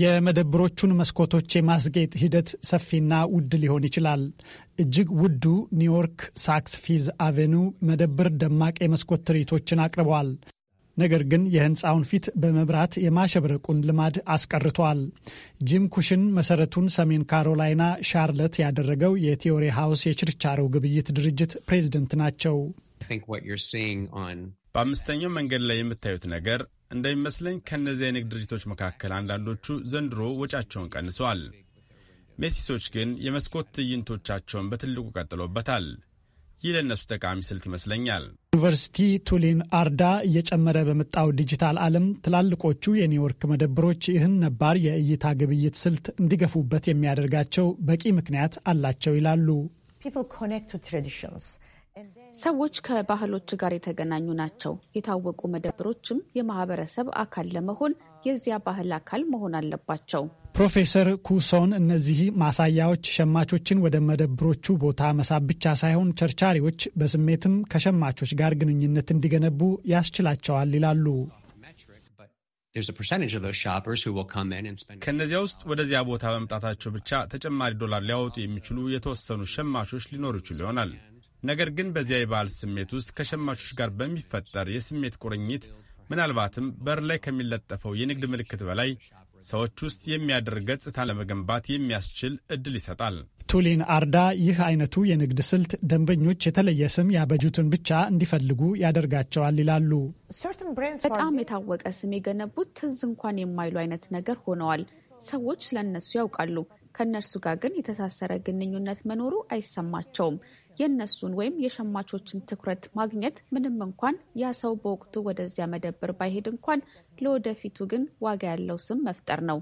የመደብሮቹን መስኮቶች የማስጌጥ ሂደት ሰፊና ውድ ሊሆን ይችላል። እጅግ ውዱ ኒውዮርክ ሳክስ ፊዝ አቬኑ መደብር ደማቅ የመስኮት ትርኢቶችን አቅርቧል። ነገር ግን የህንፃውን ፊት በመብራት የማሸብረቁን ልማድ አስቀርቷል። ጂም ኩሽን መሰረቱን ሰሜን ካሮላይና ሻርለት ያደረገው የቲዮሪ ሃውስ የችርቻሮ ግብይት ድርጅት ፕሬዚደንት ናቸው። በአምስተኛው መንገድ ላይ የምታዩት ነገር እንደሚመስለኝ ከእነዚያ የንግድ ድርጅቶች መካከል አንዳንዶቹ ዘንድሮ ወጪያቸውን ቀንሰዋል። ሜሲሶች ግን የመስኮት ትዕይንቶቻቸውን በትልቁ ቀጥሎበታል። ይህ ለእነሱ ጠቃሚ ስልት ይመስለኛል። ዩኒቨርሲቲ ቱሊን አርዳ እየጨመረ በመጣው ዲጂታል ዓለም ትላልቆቹ የኒውዮርክ መደብሮች ይህን ነባር የእይታ ግብይት ስልት እንዲገፉበት የሚያደርጋቸው በቂ ምክንያት አላቸው ይላሉ። ሰዎች ከባህሎች ጋር የተገናኙ ናቸው። የታወቁ መደብሮችም የማህበረሰብ አካል ለመሆን የዚያ ባህል አካል መሆን አለባቸው። ፕሮፌሰር ኩሶን እነዚህ ማሳያዎች ሸማቾችን ወደ መደብሮቹ ቦታ መሳብ ብቻ ሳይሆን ቸርቻሪዎች በስሜትም ከሸማቾች ጋር ግንኙነት እንዲገነቡ ያስችላቸዋል ይላሉ። ከእነዚያ ውስጥ ወደዚያ ቦታ መምጣታቸው ብቻ ተጨማሪ ዶላር ሊያወጡ የሚችሉ የተወሰኑ ሸማቾች ሊኖሩ ይችሉ ይሆናል። ነገር ግን በዚያ የበዓል ስሜት ውስጥ ከሸማቾች ጋር በሚፈጠር የስሜት ቁርኝት ምናልባትም በር ላይ ከሚለጠፈው የንግድ ምልክት በላይ ሰዎች ውስጥ የሚያድር ገጽታ ለመገንባት የሚያስችል እድል ይሰጣል። ቱሊን አርዳ ይህ አይነቱ የንግድ ስልት ደንበኞች የተለየ ስም ያበጁትን ብቻ እንዲፈልጉ ያደርጋቸዋል ይላሉ። በጣም የታወቀ ስም የገነቡት ትዝ እንኳን የማይሉ አይነት ነገር ሆነዋል። ሰዎች ስለ እነሱ ያውቃሉ። ከእነርሱ ጋር ግን የተሳሰረ ግንኙነት መኖሩ አይሰማቸውም። የእነሱን ወይም የሸማቾችን ትኩረት ማግኘት ምንም እንኳን ያ ሰው በወቅቱ ወደዚያ መደብር ባይሄድ እንኳን ለወደፊቱ ግን ዋጋ ያለው ስም መፍጠር ነው።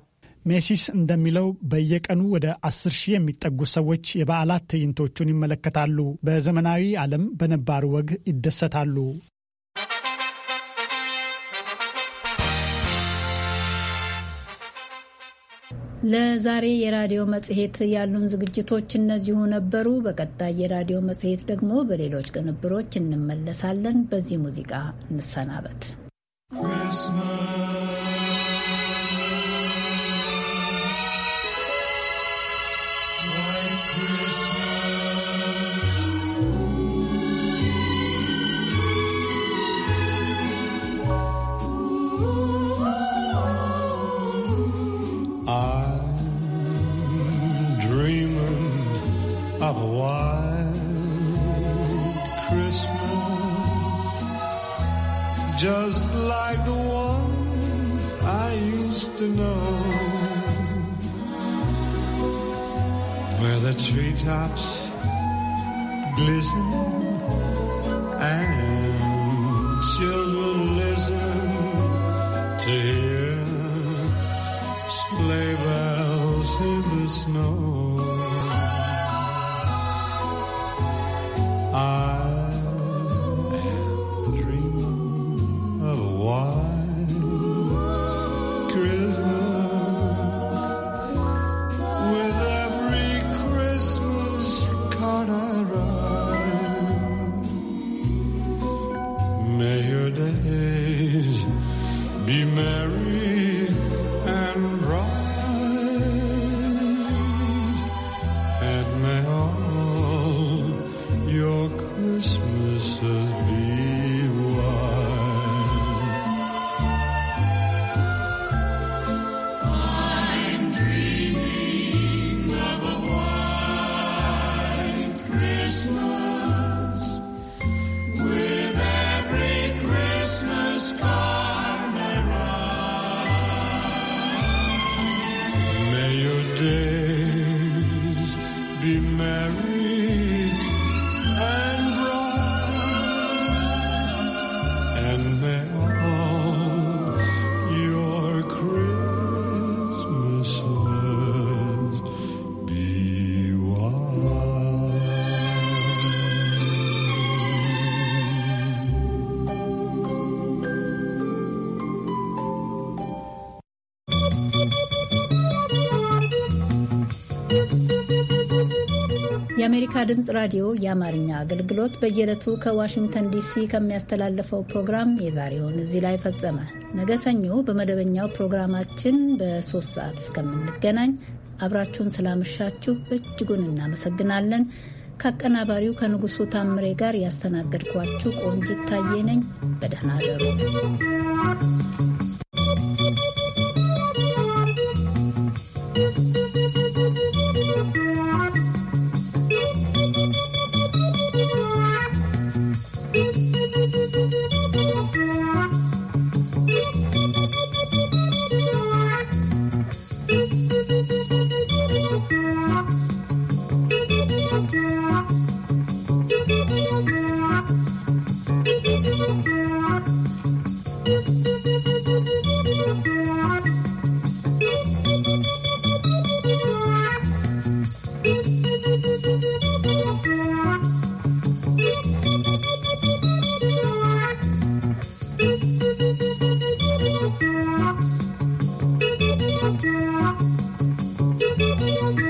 ሜሲስ እንደሚለው በየቀኑ ወደ አስር ሺህ የሚጠጉ ሰዎች የበዓላት ትዕይንቶቹን ይመለከታሉ። በዘመናዊ ዓለም በነባር ወግ ይደሰታሉ። ለዛሬ የራዲዮ መጽሔት ያሉን ዝግጅቶች እነዚሁ ነበሩ። በቀጣይ የራዲዮ መጽሔት ደግሞ በሌሎች ቅንብሮች እንመለሳለን። በዚህ ሙዚቃ እንሰናበት። of a white Christmas, just like the ones I used to know, where the treetops glisten and children listen to hear sleigh bells in the snow. ድምፅ ራዲዮ የአማርኛ አገልግሎት በየዕለቱ ከዋሽንግተን ዲሲ ከሚያስተላለፈው ፕሮግራም የዛሬውን እዚህ ላይ ፈጸመ። ነገ ሰኞ በመደበኛው ፕሮግራማችን በሶስት ሰዓት እስከምንገናኝ አብራችሁን ስላመሻችሁ እጅጉን እናመሰግናለን። ከአቀናባሪው ከንጉሱ ታምሬ ጋር ያስተናገድኳችሁ ቆንጂት ታዬ ነኝ። በደህና አደሩ።